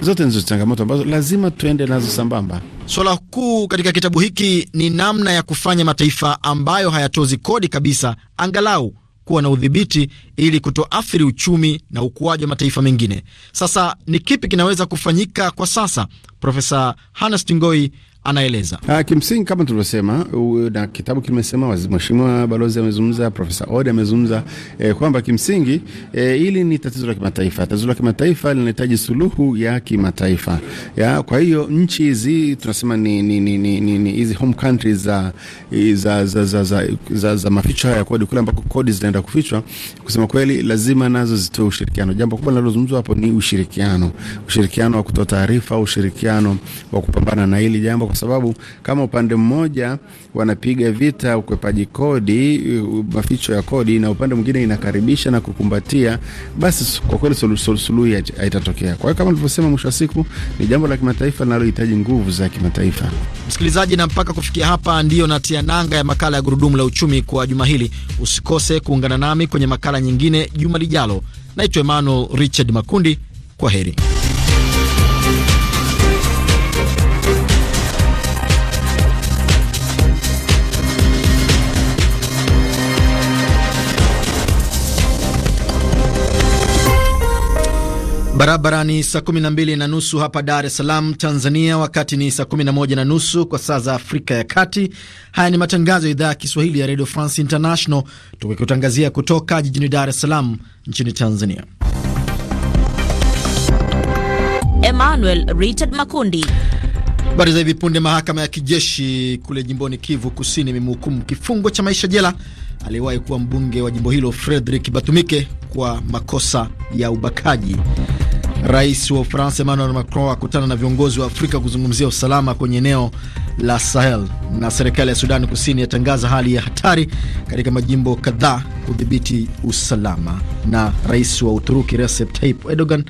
zote ndizo changamoto ambazo lazima tuende nazo sambamba. Swala kuu katika kitabu hiki ni namna ya kufanya mataifa ambayo hayatozi kodi kabisa angalau kuwa na udhibiti ili kutoathiri uchumi na ukuaji wa mataifa mengine. Sasa ni kipi kinaweza kufanyika kwa sasa? Profesa Hannes Tingoi anaeleza. Ah, Kimsingi kama tulivyosema na kitabu kimesema, mheshimiwa balozi amezungumza, Profesa Ode amezungumza eh, kwamba kimsingi eh, ili ni tatizo la kimataifa. Tatizo la kimataifa linahitaji suluhu ya kimataifa ya, kwa hiyo nchi hizi tunasema ni hizi ni, ni, ni, ni, home countries za, za, za, za, za, za, za maficho haya ya kodi kule ambako kodi zinaenda kufichwa, kusema kweli, lazima nazo zitoe ushirikiano. Jambo kubwa linalozungumzwa hapo ni ushirikiano, ushirikiano wa kutoa taarifa, ushirikiano wa kupambana na hili jambo kwa sababu kama upande mmoja wanapiga vita ukwepaji kodi, maficho ya kodi, na upande mwingine inakaribisha na kukumbatia, basi kwa kweli suluhu haitatokea. Kwa hiyo kama nilivyosema, mwisho wa siku ni jambo la kimataifa linalohitaji nguvu za kimataifa. Msikilizaji, na mpaka kufikia hapa ndiyo natia nanga ya makala ya Gurudumu la Uchumi kwa juma hili. Usikose kuungana nami kwenye makala nyingine juma lijalo. Naitwa Emmanuel Richard Makundi, kwa heri. Barabara ni saa 12 na nusu hapa Dar es Salaam, Tanzania, wakati ni saa 11 na nusu kwa saa za Afrika ya Kati. Haya ni matangazo ya idhaa ya Kiswahili ya Radio France International, tukikutangazia kutoka jijini Dar es Salaam nchini Tanzania. Emmanuel Richard Makundi. Habari za hivi punde. Mahakama ya kijeshi kule jimboni Kivu Kusini imemhukumu kifungo cha maisha jela aliyewahi kuwa mbunge wa jimbo hilo Frederick Batumike kwa makosa ya ubakaji. Rais wa Ufaransa Emmanuel Macron akutana na viongozi wa Afrika kuzungumzia usalama kwenye eneo la Sahel. Na serikali ya Sudani Kusini yatangaza hali ya hatari katika majimbo kadhaa kudhibiti usalama. Na rais wa Uturuki Recep Tayyip Erdogan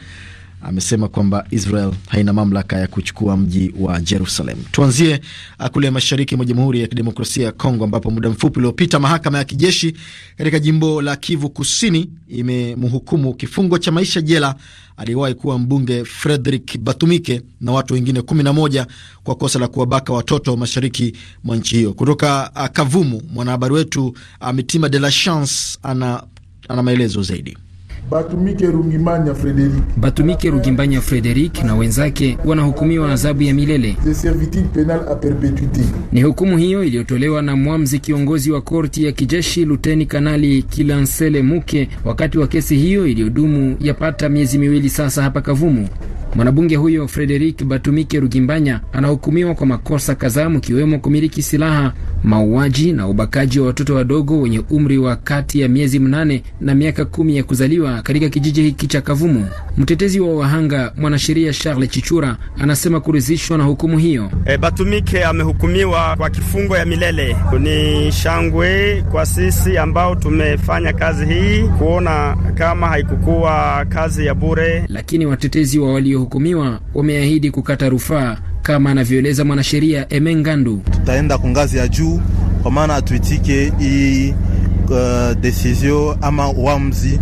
amesema kwamba Israel haina mamlaka ya kuchukua mji wa Jerusalem. Tuanzie ah, kule mashariki mwa Jamhuri ya Kidemokrasia ya Kongo, ambapo muda mfupi uliopita mahakama ya kijeshi katika jimbo la Kivu Kusini imemhukumu kifungo cha maisha jela aliyewahi kuwa mbunge Frederick Batumike na watu wengine 11 kwa kosa la kuwabaka watoto mashariki mwa nchi hiyo. Kutoka ah, Kavumu, mwanahabari wetu ah, Mitima De La Chance ana, ana maelezo zaidi. Batumike rugimbanya Frederic, Batumike Rugimbanya Frederic na wenzake wanahukumiwa adhabu ya milele. Ni hukumu hiyo iliyotolewa na mwamzi kiongozi wa korti ya kijeshi Luteni Kanali Kilansele Muke wakati wa kesi hiyo iliyodumu yapata miezi miwili sasa hapa Kavumu. Mwanabunge huyo Frederic Batumike Rugimbanya anahukumiwa kwa makosa kadhaa mkiwemo kumiliki silaha, mauaji na ubakaji wa watoto wadogo wenye umri wa kati ya miezi mnane na miaka kumi ya kuzaliwa katika kijiji hiki cha Kavumu. Mtetezi wa wahanga mwanasheria Charles Chichura anasema kuridhishwa na hukumu hiyo. E, Batumike amehukumiwa kwa kifungo ya milele. Ni shangwe kwa sisi ambao tumefanya kazi hii kuona kama haikukuwa kazi ya bure. Lakini watetezi wa waliohukumiwa wameahidi kukata rufaa kama anavyoeleza mwanasheria Emengandu. Tutaenda kwa ngazi ya juu kwa maana atuitike hii uh, desizio ama uamuzi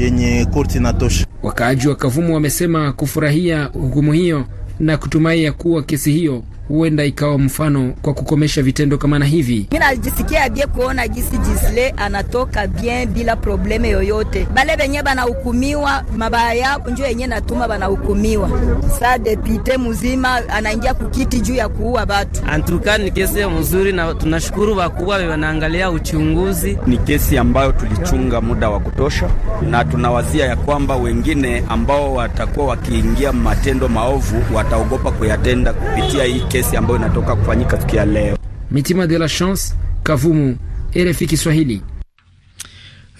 yenye korti inatosha. Wakaaji wa Kavumu wamesema kufurahia hukumu hiyo na kutumai ya kuwa kesi hiyo huenda ikawa mfano kwa kukomesha vitendo kama na hivi. Mimi najisikia bie kuona jisi jisle anatoka bien bila probleme yoyote. Bale benye banahukumiwa mabaya yao njo yenye natuma banahukumiwa. Sa depute mzima anaingia kukiti juu ya kuua batu. Antuka ni kesi mzuri na tunashukuru wakubwa wanaangalia uchunguzi. Ni kesi ambayo tulichunga muda wa kutosha na tunawazia ya kwamba wengine ambao watakuwa wakiingia matendo maovu wataogopa kuyatenda kupitia hii kesi kesi ambayo inatoka kufanyika siku ya leo. Mitima de la Chance, Kavumu, RFI Kiswahili.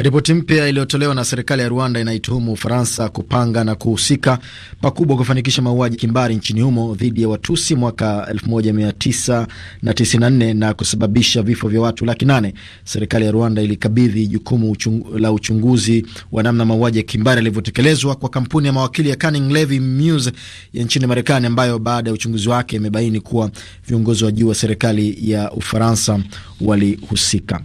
Ripoti mpya iliyotolewa na serikali ya Rwanda inaituhumu Ufaransa kupanga na kuhusika pakubwa kufanikisha mauaji kimbari nchini humo dhidi ya Watusi mwaka 1994 na kusababisha vifo vya watu laki nane. Serikali ya Rwanda ilikabidhi jukumu uchungu, la uchunguzi wa namna mauaji ya kimbari yalivyotekelezwa kwa kampuni ya mawakili ya Canning Levy Muse ya nchini Marekani, ambayo baada ya uchunguzi wake imebaini kuwa viongozi wa juu wa serikali ya Ufaransa walihusika.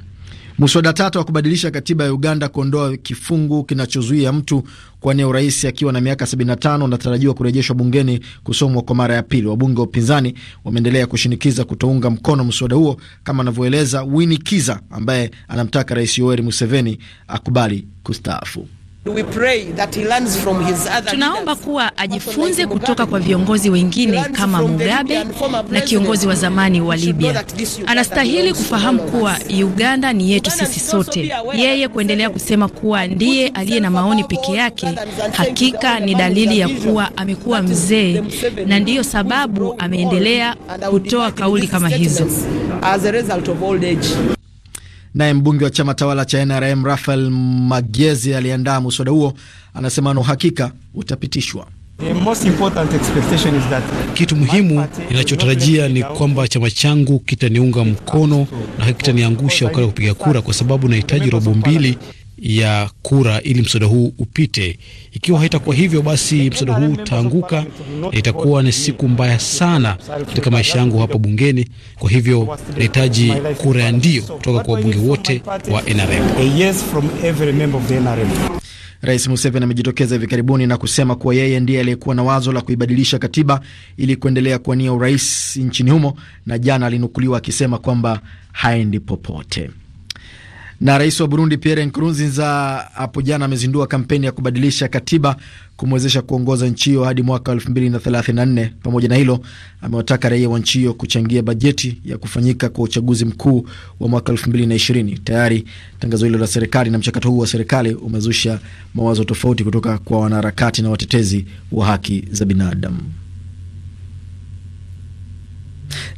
Muswada tatu wa kubadilisha katiba ya Uganda kuondoa kifungu kinachozuia mtu kuwania urais akiwa na miaka 75 unatarajiwa kurejeshwa bungeni kusomwa kwa mara ya pili. Wabunge wa upinzani wameendelea kushinikiza kutounga mkono mswada huo, kama anavyoeleza Winnie Kiza ambaye anamtaka Rais Yoweri Museveni akubali kustaafu. Tunaomba kuwa ajifunze kutoka kwa viongozi wengine kama Mugabe na kiongozi wa zamani wa Libya. Anastahili kufahamu kuwa Uganda ni yetu sisi sote. Yeye kuendelea kusema kuwa ndiye aliye na maoni peke yake, hakika ni dalili ya kuwa amekuwa mzee, na ndiyo sababu ameendelea kutoa kauli kama hizo. Naye mbunge wa chama tawala cha NRM Rafael Magezi aliandaa muswada huo, anasema na uhakika utapitishwa. The most important expectation is that kitu muhimu ninachotarajia ni kwamba chama changu kitaniunga mkono na kitaniangusha wakati wa kupiga kura, kwa sababu nahitaji robo mbili ya kura ili mswada huu upite. Ikiwa haitakuwa hivyo, basi mswada huu utaanguka na itakuwa ni siku mbaya sana katika maisha yangu hapa bungeni. Kwa hivyo nahitaji kura ya ndio kutoka kwa wabunge wote wa NRM. Rais Museveni amejitokeza hivi karibuni na kusema kuwa yeye ndiye aliyekuwa na wazo la kuibadilisha katiba ili kuendelea kuwania urais nchini humo, na jana alinukuliwa akisema kwamba haendi popote. Na rais wa Burundi Pierre Nkurunziza hapo jana amezindua kampeni ya kubadilisha katiba kumwezesha kuongoza nchi hiyo hadi mwaka 2034. Pamoja na hilo, amewataka raia wa nchi hiyo kuchangia bajeti ya kufanyika kwa uchaguzi mkuu wa mwaka 2020. Tayari tangazo hilo la serikali na mchakato huu wa serikali umezusha mawazo tofauti kutoka kwa wanaharakati na watetezi wa haki za binadamu.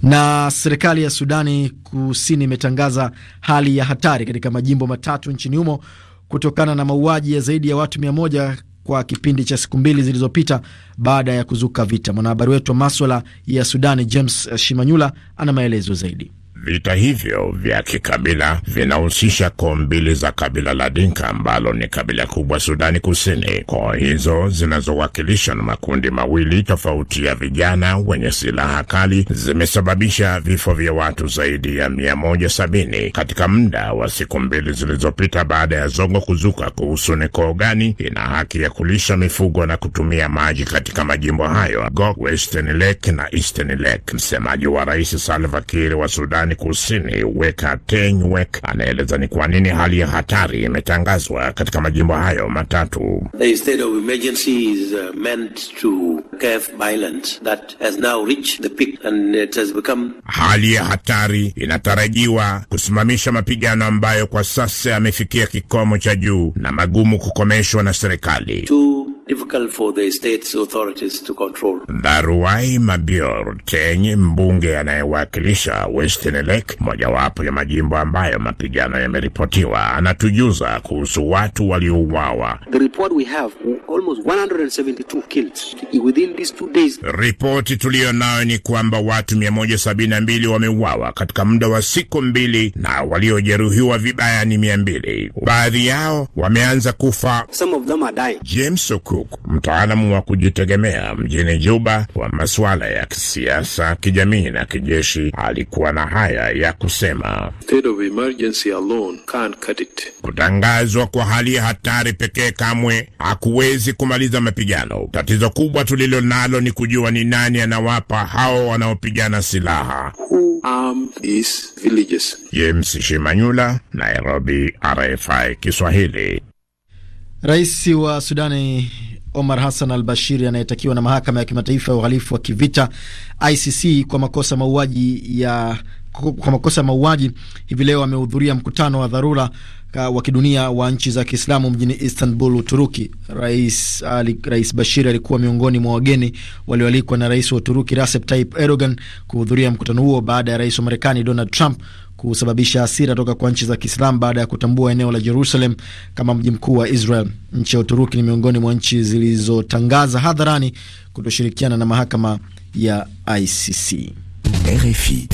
Na serikali ya Sudani Kusini imetangaza hali ya hatari katika majimbo matatu nchini humo kutokana na mauaji ya zaidi ya watu mia moja kwa kipindi cha siku mbili zilizopita baada ya kuzuka vita. Mwanahabari wetu wa maswala ya Sudani James Shimanyula ana maelezo zaidi. Vita hivyo vya kikabila vinahusisha koo mbili za kabila la Dinka ambalo ni kabila kubwa Sudani Kusini. Koo hizo zinazowakilishwa na makundi mawili tofauti ya vijana wenye silaha kali zimesababisha vifo vya watu zaidi ya 170 katika muda wa siku mbili zilizopita, baada ya zongo kuzuka kuhusu ni koo gani ina haki ya kulisha mifugo na kutumia maji katika majimbo hayo Gok, Western Lake na Eastern Lake. Msemaji wa Rais Salva Kiir wa Sudani Kusini Weka Tenywek anaeleza ni kwa nini hali ya hatari imetangazwa katika majimbo hayo matatu. Hali ya hatari inatarajiwa kusimamisha mapigano ambayo kwa sasa yamefikia kikomo cha juu na magumu kukomeshwa na serikali difficult for the state's authorities to control. Daruai Mabior Teny, mbunge anayewakilisha Western Lake, mojawapo ya majimbo ambayo mapigano yameripotiwa, anatujuza kuhusu watu waliouawa. The report we have almost 172 killed within these two days. Ripoti tuliyo nayo ni kwamba watu 172 wameuawa katika muda wa siku mbili na waliojeruhiwa vibaya ni 200. Baadhi yao wameanza kufa. Some of them are dying. James Oku Cook, mtaalamu wa kujitegemea mjini Juba wa masuala ya kisiasa, kijamii na kijeshi, alikuwa na haya ya kusema: State of emergency alone can't cut it. Kutangazwa kwa hali ya hatari pekee kamwe hakuwezi kumaliza mapigano. Tatizo kubwa tulilo nalo ni kujua ni nani anawapa hao wanaopigana silaha. James Shimanyula, Nairobi, RFI Kiswahili. Rais wa Sudani Omar Hassan al Bashiri anayetakiwa na mahakama ya kimataifa ya uhalifu wa kivita ICC kwa makosa mauaji ya kwa makosa ya mauaji hivi leo amehudhuria mkutano wa dharura wa kidunia wa nchi za Kiislamu mjini Istanbul, Uturuki. Rais, ali, Rais Bashir alikuwa miongoni mwa wageni walioalikwa na rais wa Uturuki Recep Tayyip Erdogan kuhudhuria mkutano huo baada ya rais wa Marekani Donald Trump kusababisha hasira toka kwa nchi za Kiislamu baada ya kutambua eneo la Jerusalem kama mji mkuu wa Israel. Nchi ya Uturuki ni miongoni mwa nchi zilizotangaza hadharani kutoshirikiana na mahakama ya ICC. RFI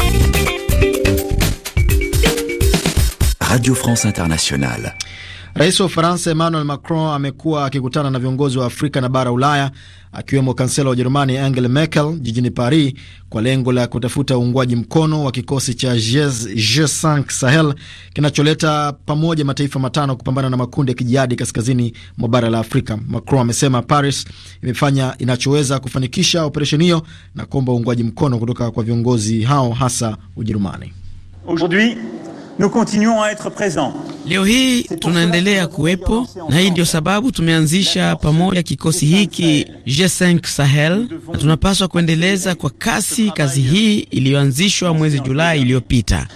Radio France Internationale. Rais wa Ufaransa Emmanuel Macron amekuwa akikutana na viongozi wa Afrika na bara Ulaya, akiwemo kansela wa Ujerumani Angela Merkel jijini Paris kwa lengo la kutafuta uungwaji mkono wa kikosi cha G5 Sahel kinacholeta pamoja mataifa matano kupambana na makundi ya kijihadi kaskazini mwa bara la Afrika. Macron amesema Paris imefanya inachoweza kufanikisha operesheni hiyo na kuomba uungwaji mkono kutoka kwa viongozi hao hasa Ujerumani. Leo hii tunaendelea kuwepo na hii ndio sababu tumeanzisha pamoja kikosi hiki G5 Sahel, na tunapaswa kuendeleza kwa kasi kazi hii iliyoanzishwa mwezi Julai iliyopita.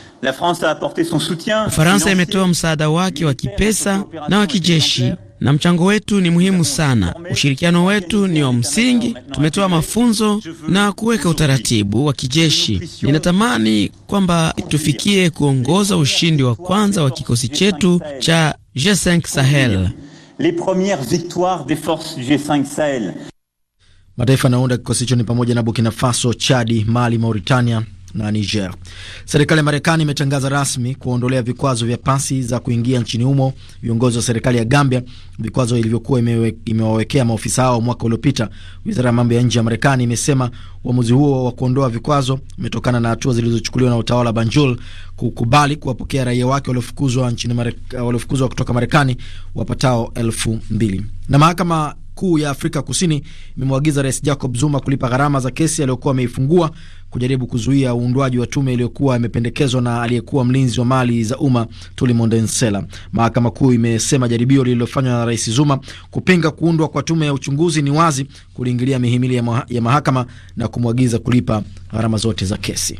Ufaransa imetoa msaada wake wa kipesa na wa kijeshi na mchango wetu ni muhimu sana. Ushirikiano wetu ni wa msingi. Tumetoa mafunzo na kuweka utaratibu wa kijeshi. Ninatamani kwamba tufikie kuongoza ushindi wa kwanza wa kikosi chetu cha G5 Sahel. Mataifa yanayounda kikosi hicho ni pamoja na Burkina Faso, Chadi, Mali, Mauritania na Niger. Serikali ya Marekani imetangaza rasmi kuondolea vikwazo vya pasi za kuingia nchini humo viongozi wa serikali ya Gambia, vikwazo ilivyokuwa imewawekea maofisa hao mwaka uliopita. Wizara ya mambo ya nje ya Marekani imesema uamuzi huo wa kuondoa vikwazo umetokana na hatua zilizochukuliwa na utawala Banjul kukubali kuwapokea raia wake waliofukuzwa kutoka Marekani wapatao elfu mbili na mahakama kuu ya Afrika Kusini imemwagiza Rais Jacob Zuma kulipa gharama za kesi aliyokuwa ameifungua kujaribu kuzuia uundwaji wa tume iliyokuwa imependekezwa na aliyekuwa mlinzi wa mali za umma Tulimonde Nsela. Mahakama Kuu imesema jaribio lililofanywa na Rais Zuma kupinga kuundwa kwa tume ya uchunguzi ni wazi kuliingilia mihimili ya mahakama na kumwagiza kulipa gharama zote za kesi.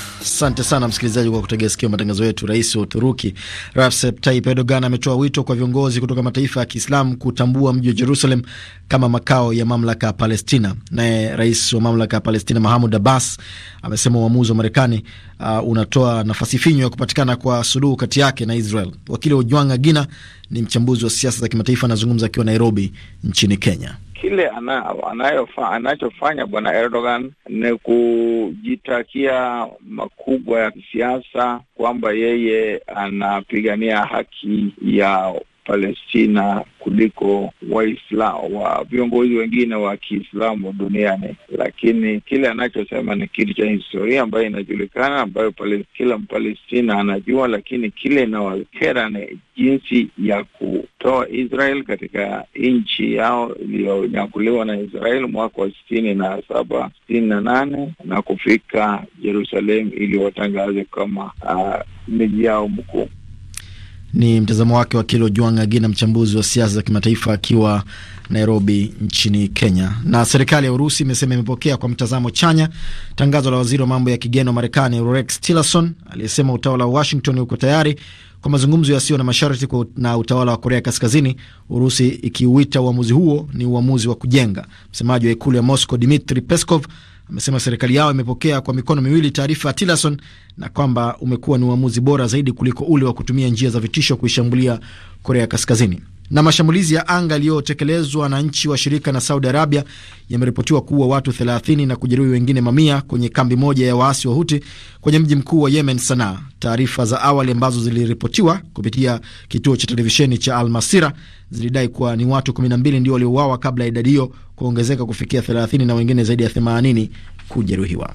Asante sana msikilizaji kwa kutegea sikio matangazo yetu. Rais wa Uturuki Recep Tayyip Erdogan ametoa wito kwa viongozi kutoka mataifa ya Kiislamu kutambua mji wa Jerusalem kama makao ya mamlaka ya Palestina. Naye rais wa mamlaka ya Palestina Mahmud Abbas amesema uamuzi wa Marekani uh, unatoa nafasi finywa ya kupatikana kwa suluhu kati yake na Israel. Wakili wa Ujwanga Gina ni mchambuzi wa siasa za kimataifa, anazungumza akiwa Nairobi nchini Kenya kile ana, anayofa, anachofanya bwana Erdogan ni kujitakia makubwa ya kisiasa, kwamba yeye anapigania haki ya Palestina kuliko Waislamu wa viongozi wengine wa Kiislamu duniani, lakini kile anachosema ni kitu cha historia ambayo inajulikana, ambayo kila Mpalestina anajua, lakini kile inawakera ni jinsi ya kutoa Israel katika nchi yao iliyonyakuliwa na Israel mwaka wa sitini na saba sitini na nane na kufika Jerusalem iliyotangaza kama uh, miji yao mkuu. Ni mtazamo wake Wakili Ojuang Agina, mchambuzi wa siasa za kimataifa akiwa Nairobi nchini Kenya. Na serikali ya Urusi imesema imepokea kwa mtazamo chanya tangazo la waziri wa mambo ya kigeni wa Marekani Rex Tillerson aliyesema utawala wa Washington uko tayari kwa mazungumzo yasiyo na masharti na utawala wa Korea Kaskazini, Urusi ikiuita uamuzi huo ni uamuzi wa kujenga. Msemaji wa ikulu ya Moscow Dmitri Peskov amesema serikali yao imepokea kwa mikono miwili taarifa ya Tillerson na kwamba umekuwa ni uamuzi bora zaidi kuliko ule wa kutumia njia za vitisho kuishambulia Korea Kaskazini. Na mashambulizi ya anga yaliyotekelezwa na nchi wa shirika na Saudi Arabia yameripotiwa kuua watu 30 na kujeruhi wengine mamia kwenye kambi moja ya waasi wa Huti kwenye mji mkuu wa Yemen, Sanaa. Taarifa za awali ambazo ziliripotiwa kupitia kituo cha televisheni cha Al Masira zilidai kuwa ni watu 12 ndio waliouawa kabla ya idadi hiyo kuongezeka kufikia 30 na wengine zaidi ya 80 kujeruhiwa.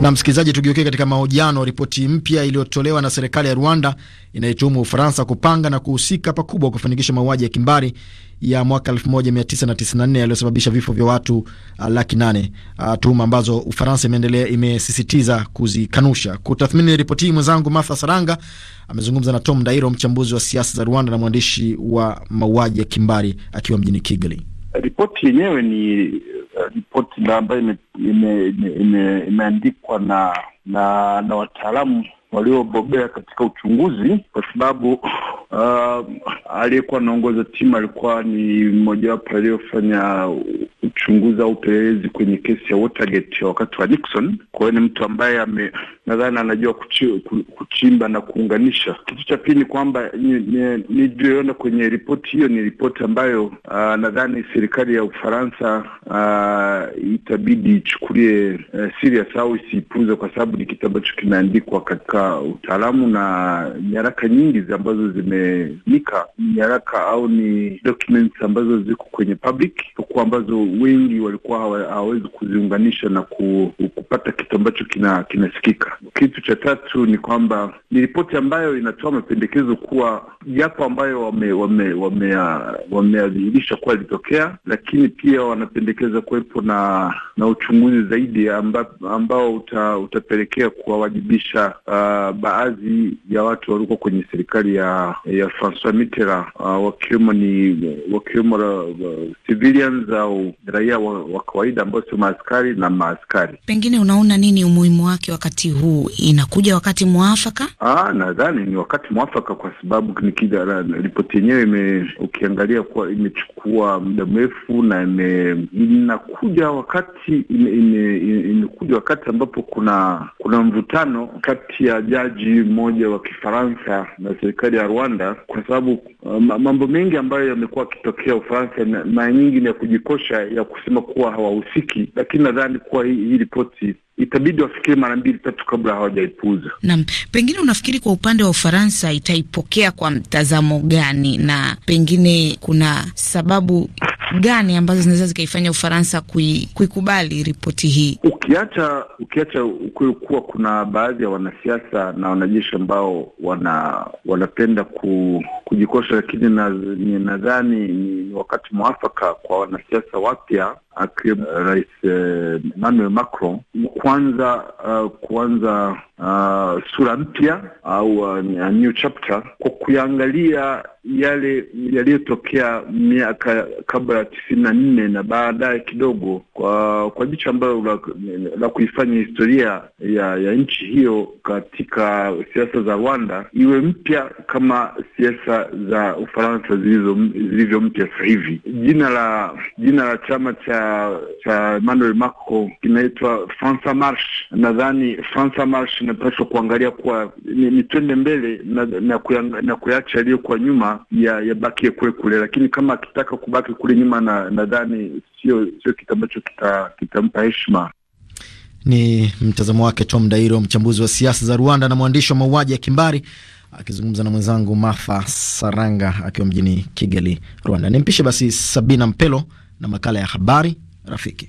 Na msikilizaji, tugiokee katika mahojiano. Ripoti mpya iliyotolewa na serikali ya Rwanda inaituhumu Ufaransa kupanga na kuhusika pakubwa kufanikisha mauaji ya kimbari ya mwaka 1994 yaliyosababisha vifo vya watu uh, laki nane uh, tuhuma ambazo Ufaransa imeendelea imesisitiza kuzikanusha. Kutathmini ripoti hii, mwenzangu Martha Saranga amezungumza na Tom Dairo, mchambuzi wa siasa za Rwanda na mwandishi wa mauaji ya kimbari akiwa mjini Kigali. Ripoti yenyewe ni Uh, ripoti ambayo imeandikwa na na wataalamu waliobobea katika uchunguzi, kwa sababu uh, aliyekuwa anaongoza timu alikuwa ni mmojawapo aliyofanya uchunguzi au upelelezi kwenye kesi ya Watergate ya wakati wa Nixon. Kwa hiyo ni mtu ambaye ame, nadhani anajua kuchi, kuchimba na kuunganisha. Kitu cha pili ni kwamba nilivyoona kwenye ripoti hiyo ni ripoti ambayo uh, nadhani serikali ya Ufaransa uh, itabidi ichukulie uh, serious au isiipuze, kwa sababu ni kitu ambacho kimeandikwa katika katika utaalamu na nyaraka nyingi ambazo zimetumika ni nyaraka au ni documents ambazo ziko kwenye public, kwa ambazo wengi walikuwa hawawezi kuziunganisha na ku, kupata kitu ambacho kina, kinasikika. Kitu cha tatu ni kwamba ni ripoti ambayo inatoa mapendekezo kuwa yapo ambayo wameadhihirisha wame, wame, wame kuwa litokea, lakini pia wanapendekeza kuwepo na na uchunguzi zaidi amba, ambao uta, utapelekea kuwawajibisha uh, baadhi ya watu walioko kwenye serikali ya ya Francois Mitterrand uh, wakiwemo ni wakiwemo uh, civilians au raia wa, wa kawaida ambao sio maaskari na maaskari. Pengine unaona nini umuhimu wake wakati huu, inakuja wakati mwafaka? Ah, nadhani ni wakati mwafaka kwa sababu nikija ripoti yenyewe ukiangalia kuwa imechukua muda mrefu na ime, inakuja wakati imekuja wakati ambapo kuna kuna mvutano kati ya ya jaji mmoja wa Kifaransa na serikali ya Rwanda, kwa sababu um, mambo mengi ambayo yamekuwa yakitokea Ufaransa mara nyingi ni ya kujikosha ya kusema kuwa hawahusiki, lakini nadhani kuwa hii, hii ripoti itabidi wafikiri mara mbili tatu kabla hawajaipuuza. Naam, pengine unafikiri kwa upande wa Ufaransa itaipokea kwa mtazamo gani, na pengine kuna sababu gani ambazo zinaweza zikaifanya Ufaransa kuikubali kui ripoti hii, ukiacha ukiacha ukweli kuwa kuna baadhi ya wanasiasa na wanajeshi ambao wana wanapenda ku, kujikosha, lakini nadhani ni wakati mwafaka kwa wanasiasa wapya akiwemo Rais eh, Emmanuel Macron kwanza uh, kuanza uh, sura mpya au uh, new chapter kwa kuyangalia yale yaliyotokea miaka kabla ya tisini na nne na baadaye kidogo, kwa kwa jicho ambalo la, la kuifanya historia ya, ya nchi hiyo katika siasa za Rwanda iwe mpya kama siasa za Ufaransa zilivyo mpya sasa hivi. Jina la jina la chama cha cha Emmanuel Macron kinaitwa Fransa Marsh, nadhani Fransa Marsh inapaswa kuangalia kwa ni, ni twende mbele na, na, kuyang, na kuyacha aliyo kwa nyuma ya yabakie kule kule, lakini kama akitaka kubaki kule nyuma na nadhani sio sio kitu ambacho kitampa heshima. Ni mtazamo wake Tom Dairo, mchambuzi wa siasa za Rwanda na mwandishi wa mauaji ya kimbari akizungumza na mwenzangu Martha Saranga akiwa mjini Kigali, Rwanda. Nimpishe basi Sabina Mpelo na makala ya habari rafiki.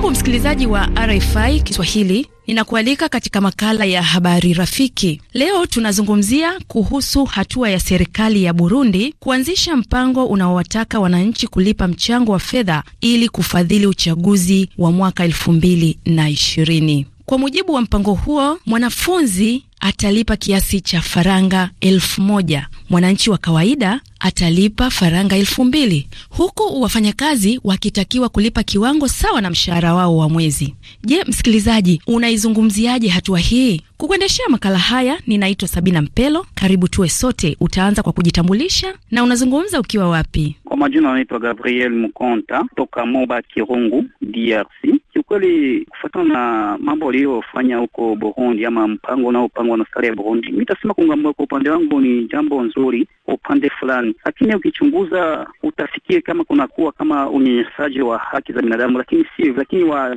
Karibu msikilizaji wa RFI Kiswahili, ninakualika katika makala ya habari rafiki. Leo tunazungumzia kuhusu hatua ya serikali ya Burundi kuanzisha mpango unaowataka wananchi kulipa mchango wa fedha ili kufadhili uchaguzi wa mwaka elfu mbili na ishirini. Kwa mujibu wa mpango huo, mwanafunzi atalipa kiasi cha faranga elfu moja mwananchi wa kawaida atalipa faranga elfu mbili huku wafanyakazi wakitakiwa kulipa kiwango sawa na mshahara wao wa mwezi. Je, msikilizaji, unaizungumziaje hatua hii? Kukuendeshea makala haya ninaitwa Sabina Mpelo. Karibu tuwe sote. Utaanza kwa kujitambulisha na unazungumza ukiwa wapi? Kwa majina anaitwa Gabriel Mkonta toka Moba Kirungu, DRC. Kiukweli, kufuatana na mambo aliyofanya huko Burundi ama mpango unaopangwa na serikali ya Burundi, mi tasema kuunga kwa upande wangu ni jambo nzuri kwa upande fulani, lakini ukichunguza utafikiri kama kunakuwa kama unyenyesaji wa haki za binadamu, lakini si lakini wa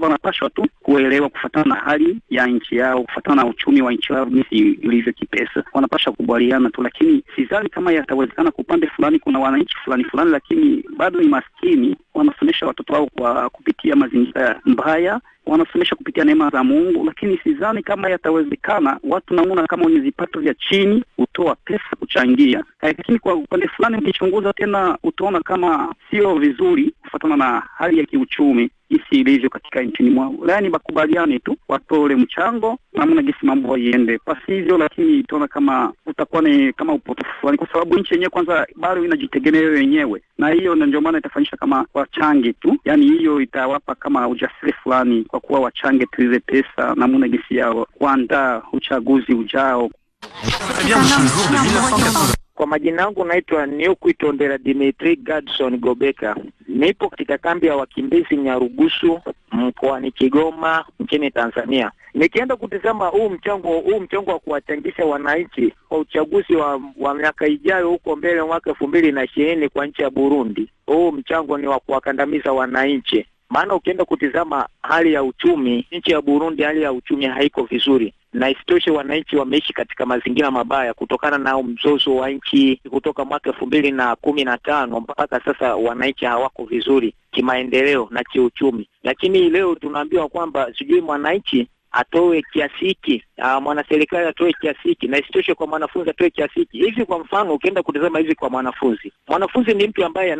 wanapashwa tu kuelewa kufuatana na hali ya nchi yao, kufuatana na uchumi wa nchi yao jinsi ilivyo kipesa, wanapasha kubaliana tu, lakini sidhani kama yatawezekana. Kwa upande fulani kuna wananchi fulani fulani, lakini bado ni maskini, wanasomesha watoto wao kwa kupitia mazingira uh, mbaya wanasomesha kupitia neema za Mungu, lakini sidhani kama yatawezekana. Watu naona kama wenye vipato vya chini hutoa pesa kuchangia, eh, lakini kwa upande fulani ukichunguza tena utaona kama sio vizuri kufuatana na hali ya kiuchumi jinsi ilivyo katika nchini mwao. Yaani bakubaliane tu watole mchango, namna gisi mambo yaiende. Pasi hivyo, lakini tuona kama utakuwa ni kama upotofu fulani, kwa sababu nchi yenyewe kwanza bado inajitegemea yenyewe, na hiyo ndio maana itafanyisha kama wachange tu, yaani hiyo itawapa kama ujasiri fulani, kwa kuwa wachange tu ile pesa, namna gisi yao kuandaa uchaguzi ujao. Kwa majina yangu naitwa Niukwitondera Dimitri Gadson Gobeka, nipo katika kambi ya wakimbizi Nyarugusu mkoani Kigoma nchini Tanzania. Nikienda kutizama huu mchango huu mchango wa kuwachangisha wananchi kwa uchaguzi wa, wa miaka ijayo huko mbele mwaka elfu mbili na ishirini kwa nchi ya Burundi. Huu mchango ni wa kuwakandamiza wananchi maana ukienda kutizama hali ya uchumi nchi ya Burundi, hali ya uchumi haiko vizuri, na isitoshe wananchi wameishi katika mazingira mabaya kutokana na mzozo wa nchi kutoka mwaka elfu mbili na kumi na tano mpaka sasa, wananchi hawako vizuri kimaendeleo na kiuchumi. Lakini leo tunaambiwa kwamba sijui mwananchi atoe kiasi hiki, ah, mwanaserikali atoe kiasi hiki, na isitoshe kwa mwanafunzi atoe kiasi hiki. Hivi kwa mfano, ukienda kutazama hivi kwa mwanafunzi, mwanafunzi ni mtu ambaye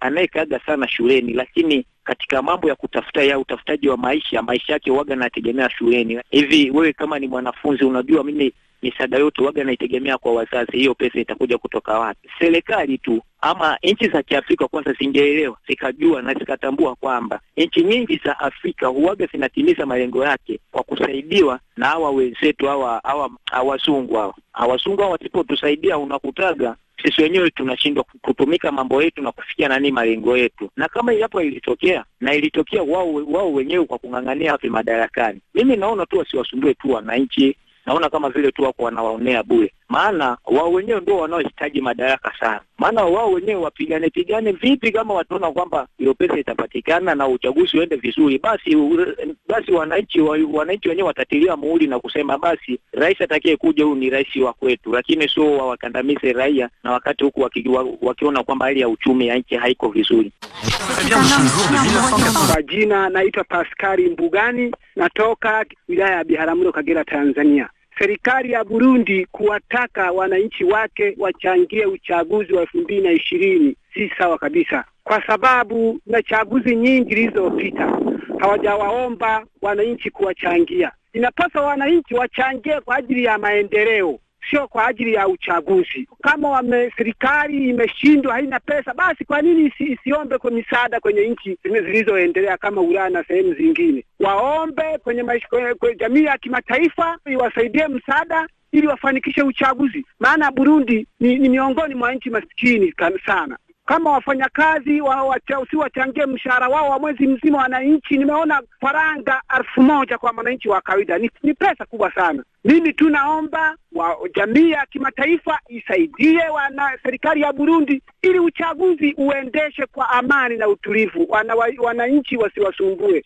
anayekaaga sana shuleni, lakini katika mambo ya kutafuta ya utafutaji wa maisha, maisha yake waga anategemea shuleni. Hivi wewe kama ni mwanafunzi, unajua mimi misaada yote waga naitegemea kwa wazazi. Hiyo pesa itakuja kutoka wapi? Serikali tu ama nchi za Kiafrika kwanza zingeelewa zikajua na zikatambua kwamba nchi nyingi za Afrika huwaga zinatimiza malengo yake kwa kusaidiwa na hawa wenzetu hawa hawa hawazungu hawa hawazungu hawa, wasipotusaidia unakutaga sisi wenyewe tunashindwa kutumika mambo yetu na kufikia nani malengo yetu. Na kama hapo ilitokea na ilitokea wao wao wenyewe kwa kung'ang'ania hapo madarakani, mimi naona tu wasiwasumbue tu wananchi, naona kama vile tu wako wanawaonea bure maana wao wenyewe ndio wanaohitaji madaraka sana, maana wao wenyewe wapigane pigane vipi? Kama wataona kwamba hiyo pesa itapatikana na uchaguzi uende vizuri, basi basi wananchi wananchi wenyewe watatilia muhuri na kusema basi, rais atakaye kuja huyu ni rais wa kwetu, lakini sio wawakandamize raia, na wakati huku wakiona kwamba hali ya uchumi ya nchi haiko vizuri. Kwa jina naitwa Paskari Mbugani, natoka wilaya ya Biharamulo, Kagera, Tanzania serikali ya Burundi kuwataka wananchi wake wachangie uchaguzi wa elfu mbili na ishirini si sawa kabisa, kwa sababu na chaguzi nyingi zilizopita hawajawaomba wananchi kuwachangia. Inapaswa wananchi wachangie kwa ajili ya maendeleo, sio kwa ajili ya uchaguzi. Kama wame serikali imeshindwa haina pesa, basi kwa nini isi, isiombe kwa misaada kwenye nchi zilizoendelea kama Ulaya na sehemu zingine? Waombe kwenye, kwenye, kwenye jamii ya kimataifa iwasaidie msaada ili wafanikishe uchaguzi, maana Burundi ni, ni miongoni mwa nchi masikini sana kama wafanyakazi wa si wachangie mshahara wao wa mwezi mzima wananchi. Nimeona faranga elfu moja kwa mwananchi wa kawaida ni, ni pesa kubwa sana. Mimi tu naomba wa jamii ya kimataifa isaidie wana serikali ya Burundi ili uchaguzi uendeshe kwa amani na utulivu, wananchi wana wasiwasumbue.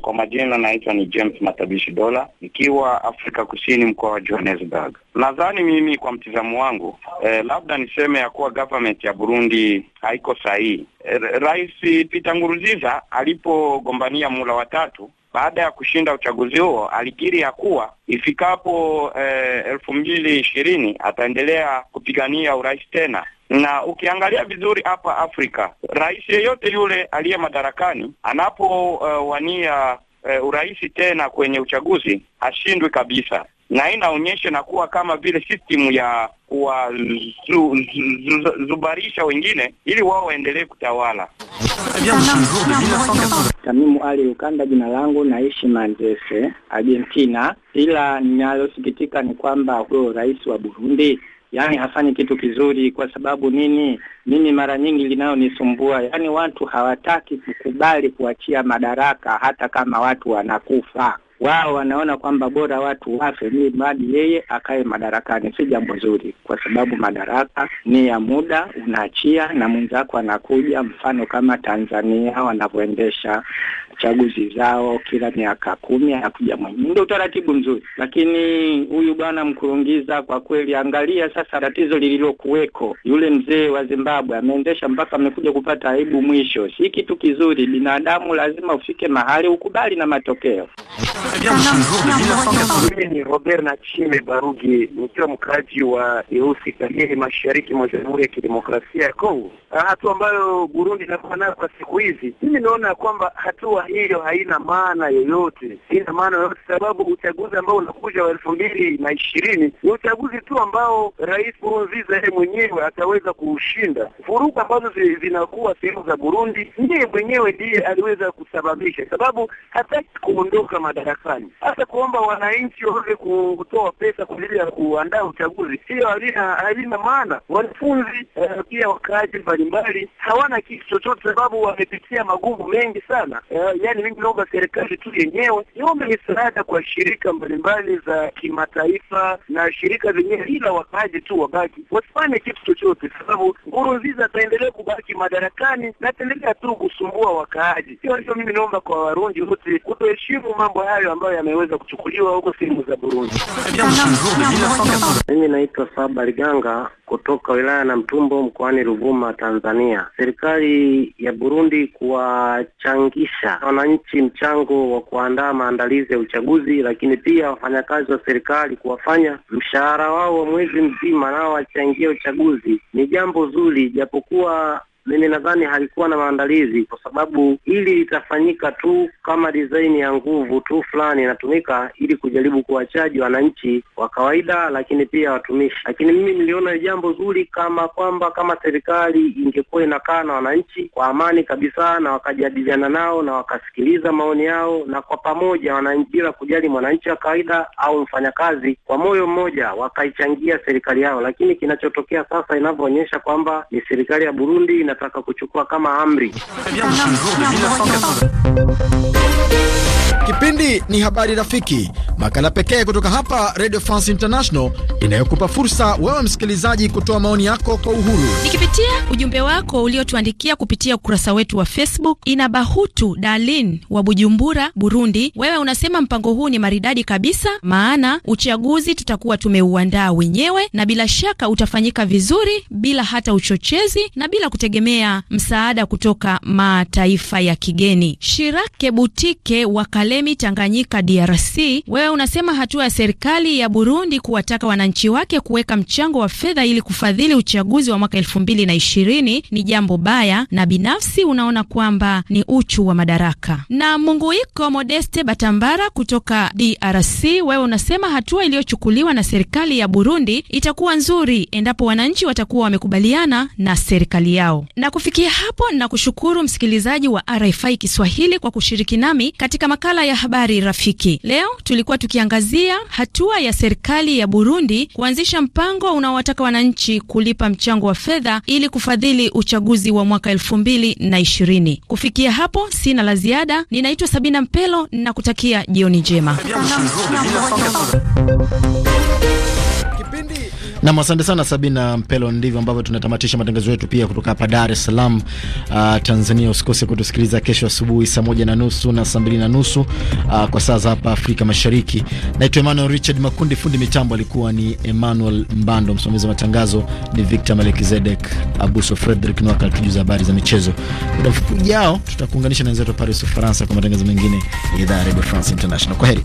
Kwa majina naitwa ni James Matabishi Dola, ikiwa Afrika Kusini, mkoa wa Johannesburg. Nadhani mimi kwa mtizamo wangu eh, labda niseme ya kuwa government ya Burundi haiko sahihi. Eh, Rais Peter Nkurunziza alipogombania mula watatu baada ya kushinda uchaguzi huo alikiri ya kuwa ifikapo eh, elfu mbili ishirini ataendelea kupigania urais tena. Na ukiangalia vizuri hapa Afrika, rais yeyote yule aliye madarakani anapowania eh, uh, eh, uh, urais tena kwenye uchaguzi hashindwi kabisa, na inaonyesha na kuwa kama vile system ya kuwazubarisha wengine ili wao waendelee kutawala. Tamimu Ali Ukanda jina langu, naishi Manzese, Argentina, ila ninalosikitika ni kwamba huyo rais wa Burundi yaani hafanyi kitu kizuri. Kwa sababu nini? Mimi mara nyingi linayonisumbua, yaani watu hawataki kukubali kuachia madaraka hata kama watu wanakufa wao wanaona kwamba bora watu wafe ni mradi yeye akae madarakani. Si jambo zuri, kwa sababu madaraka ni ya muda, unaachia na mwenzako anakuja. Mfano kama Tanzania wanavyoendesha chaguzi zao kila miaka kumi, anakuja mwenyewe, ndio utaratibu mzuri. Lakini huyu bwana Mkurungiza kwa kweli, angalia sasa tatizo lililokuweko. Yule mzee wa Zimbabwe ameendesha mpaka amekuja kupata aibu mwisho, si kitu kizuri. Binadamu lazima ufike mahali ukubali na matokeo ni Robert Nachime Barugi, nikiwa mkaaji wa Eusi Kalehe, mashariki mwa Jamhuri ya Kidemokrasia ya Kongo. Ah, hatua ambayo Burundi inakuwa nayo kwa siku hizi, mimi naona kwamba hatua hiyo haina maana yoyote, haina maana yoyote, sababu uchaguzi ambao unakuja wa elfu mbili na ishirini ni uchaguzi tu ambao Rais Nkurunziza yeye mwenyewe ataweza kuushinda. Vurugu ambazo zinakuwa sehemu za Burundi, ndiye mwenyewe ndiye aliweza kusababisha, sababu hataki kuondoka madaraka madarakani. Hata kuomba wananchi waweze kutoa pesa kwa ajili ya kuandaa uchaguzi hiyo halina maana. Wanafunzi eh, pia wakaaji mbalimbali hawana kitu chochote, sababu wamepitia magumu mengi sana eh, yani mimi naomba serikali tu yenyewe iombe misaada kwa shirika mbalimbali za kimataifa na shirika zenyewe, ila wakaaji tu wabaki wasifanye kitu chochote, sababu Nkurunziza ataendelea kubaki madarakani na ataendelea tu kusumbua wakaaji. Hiyo ndio mimi naomba kwa Warundi wote kutoheshimu mambo hayo hayo ambayo yameweza kuchukuliwa huko sehemu za Burundi. Mimi naitwa Saba Liganga kutoka wilaya na Mtumbo mkoani Ruvuma, Tanzania. Serikali ya Burundi kuwachangisha wananchi mchango wa kuandaa maandalizi ya uchaguzi, lakini pia wafanyakazi wa serikali kuwafanya mshahara wao wa mwezi mzima nao wachangie uchaguzi ni jambo zuri, japokuwa mimi nadhani halikuwa na maandalizi, kwa sababu hili litafanyika tu kama design ya nguvu tu fulani inatumika ili kujaribu kuwachaji wananchi wa kawaida, lakini pia watumishi. Lakini mimi niliona jambo zuri kama kwamba kama serikali ingekuwa inakaa na wananchi kwa amani kabisa, na wakajadiliana nao na wakasikiliza maoni yao, na kwa pamoja wananchi, bila kujali mwananchi wa kawaida au mfanyakazi, kwa moyo mmoja wakaichangia serikali yao. Lakini kinachotokea sasa inavyoonyesha kwamba ni serikali ya Burundi na nataka kuchukua kama amri. Kipindi ni Habari Rafiki, makala pekee kutoka hapa Radio France International inayokupa fursa wewe msikilizaji kutoa maoni yako kwa uhuru. Nikipitia ujumbe wako uliotuandikia kupitia ukurasa wetu wa Facebook, ina Bahutu Darlin wa Bujumbura, Burundi. Wewe unasema mpango huu ni maridadi kabisa, maana uchaguzi tutakuwa tumeuandaa wenyewe na bila shaka utafanyika vizuri bila hata uchochezi na bila kutegemea kutegemea msaada kutoka mataifa ya kigeni. Shirake Butike wa Kalemi, Tanganyika, DRC, wewe unasema hatua ya serikali ya Burundi kuwataka wananchi wake kuweka mchango wa fedha ili kufadhili uchaguzi wa mwaka elfu mbili na ishirini ni jambo baya, na binafsi unaona kwamba ni uchu wa madaraka. Na Munguiko Modeste Batambara kutoka DRC, wewe unasema hatua iliyochukuliwa na serikali ya Burundi itakuwa nzuri endapo wananchi watakuwa wamekubaliana na serikali yao. Na kufikia hapo, nakushukuru msikilizaji wa RFI Kiswahili kwa kushiriki nami katika makala ya habari rafiki. Leo tulikuwa tukiangazia hatua ya serikali ya Burundi kuanzisha mpango unaowataka wananchi kulipa mchango wa fedha ili kufadhili uchaguzi wa mwaka elfu mbili na ishirini. Kufikia hapo, sina la ziada. Ninaitwa Sabina Mpelo na kutakia jioni njema. Na asante sana Sabina Mpelo. Ndivyo ambavyo tunatamatisha matangazo yetu pia kutoka hapa Dar es Salaam, uh, Tanzania. Usikose kutusikiliza kesho asubuhi saa moja na nusu na saa mbili na nusu uh, kwa saa za hapa Afrika Mashariki. Naitwa Emmanuel Richard Makundi, fundi mitambo alikuwa ni Emmanuel Mbando, msimamizi wa matangazo ni Victor Melkizedek Abuso, Frederick Nwaka tujuza habari za michezo. Muda mfupi ujao tutakuunganisha na wenzetu Paris, Ufaransa, kwa matangazo mengine ya idhaa ya Radio France International. Kwa heri.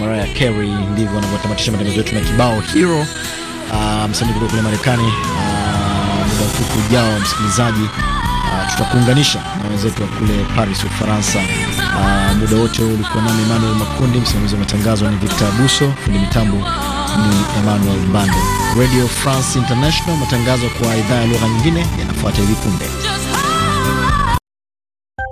Mariah Carey. Ndivyo wanavyotamatisha matangazo yetu na kibao Hero, ah, msanii kutoka kule Marekani. Ah, muda mfupi ujao, msikilizaji, ah, tutakuunganisha na wenzetu wa kule Paris, Ufaransa. muda wote ulikuwa nami Emmanuel Makundi, msimamizi wa matangazo ni Victor Abuso, fundi mitambo ni Emmanuel Mbando. Radio France International, matangazo kwa idhaa ya lugha nyingine yanafuata hivi punde.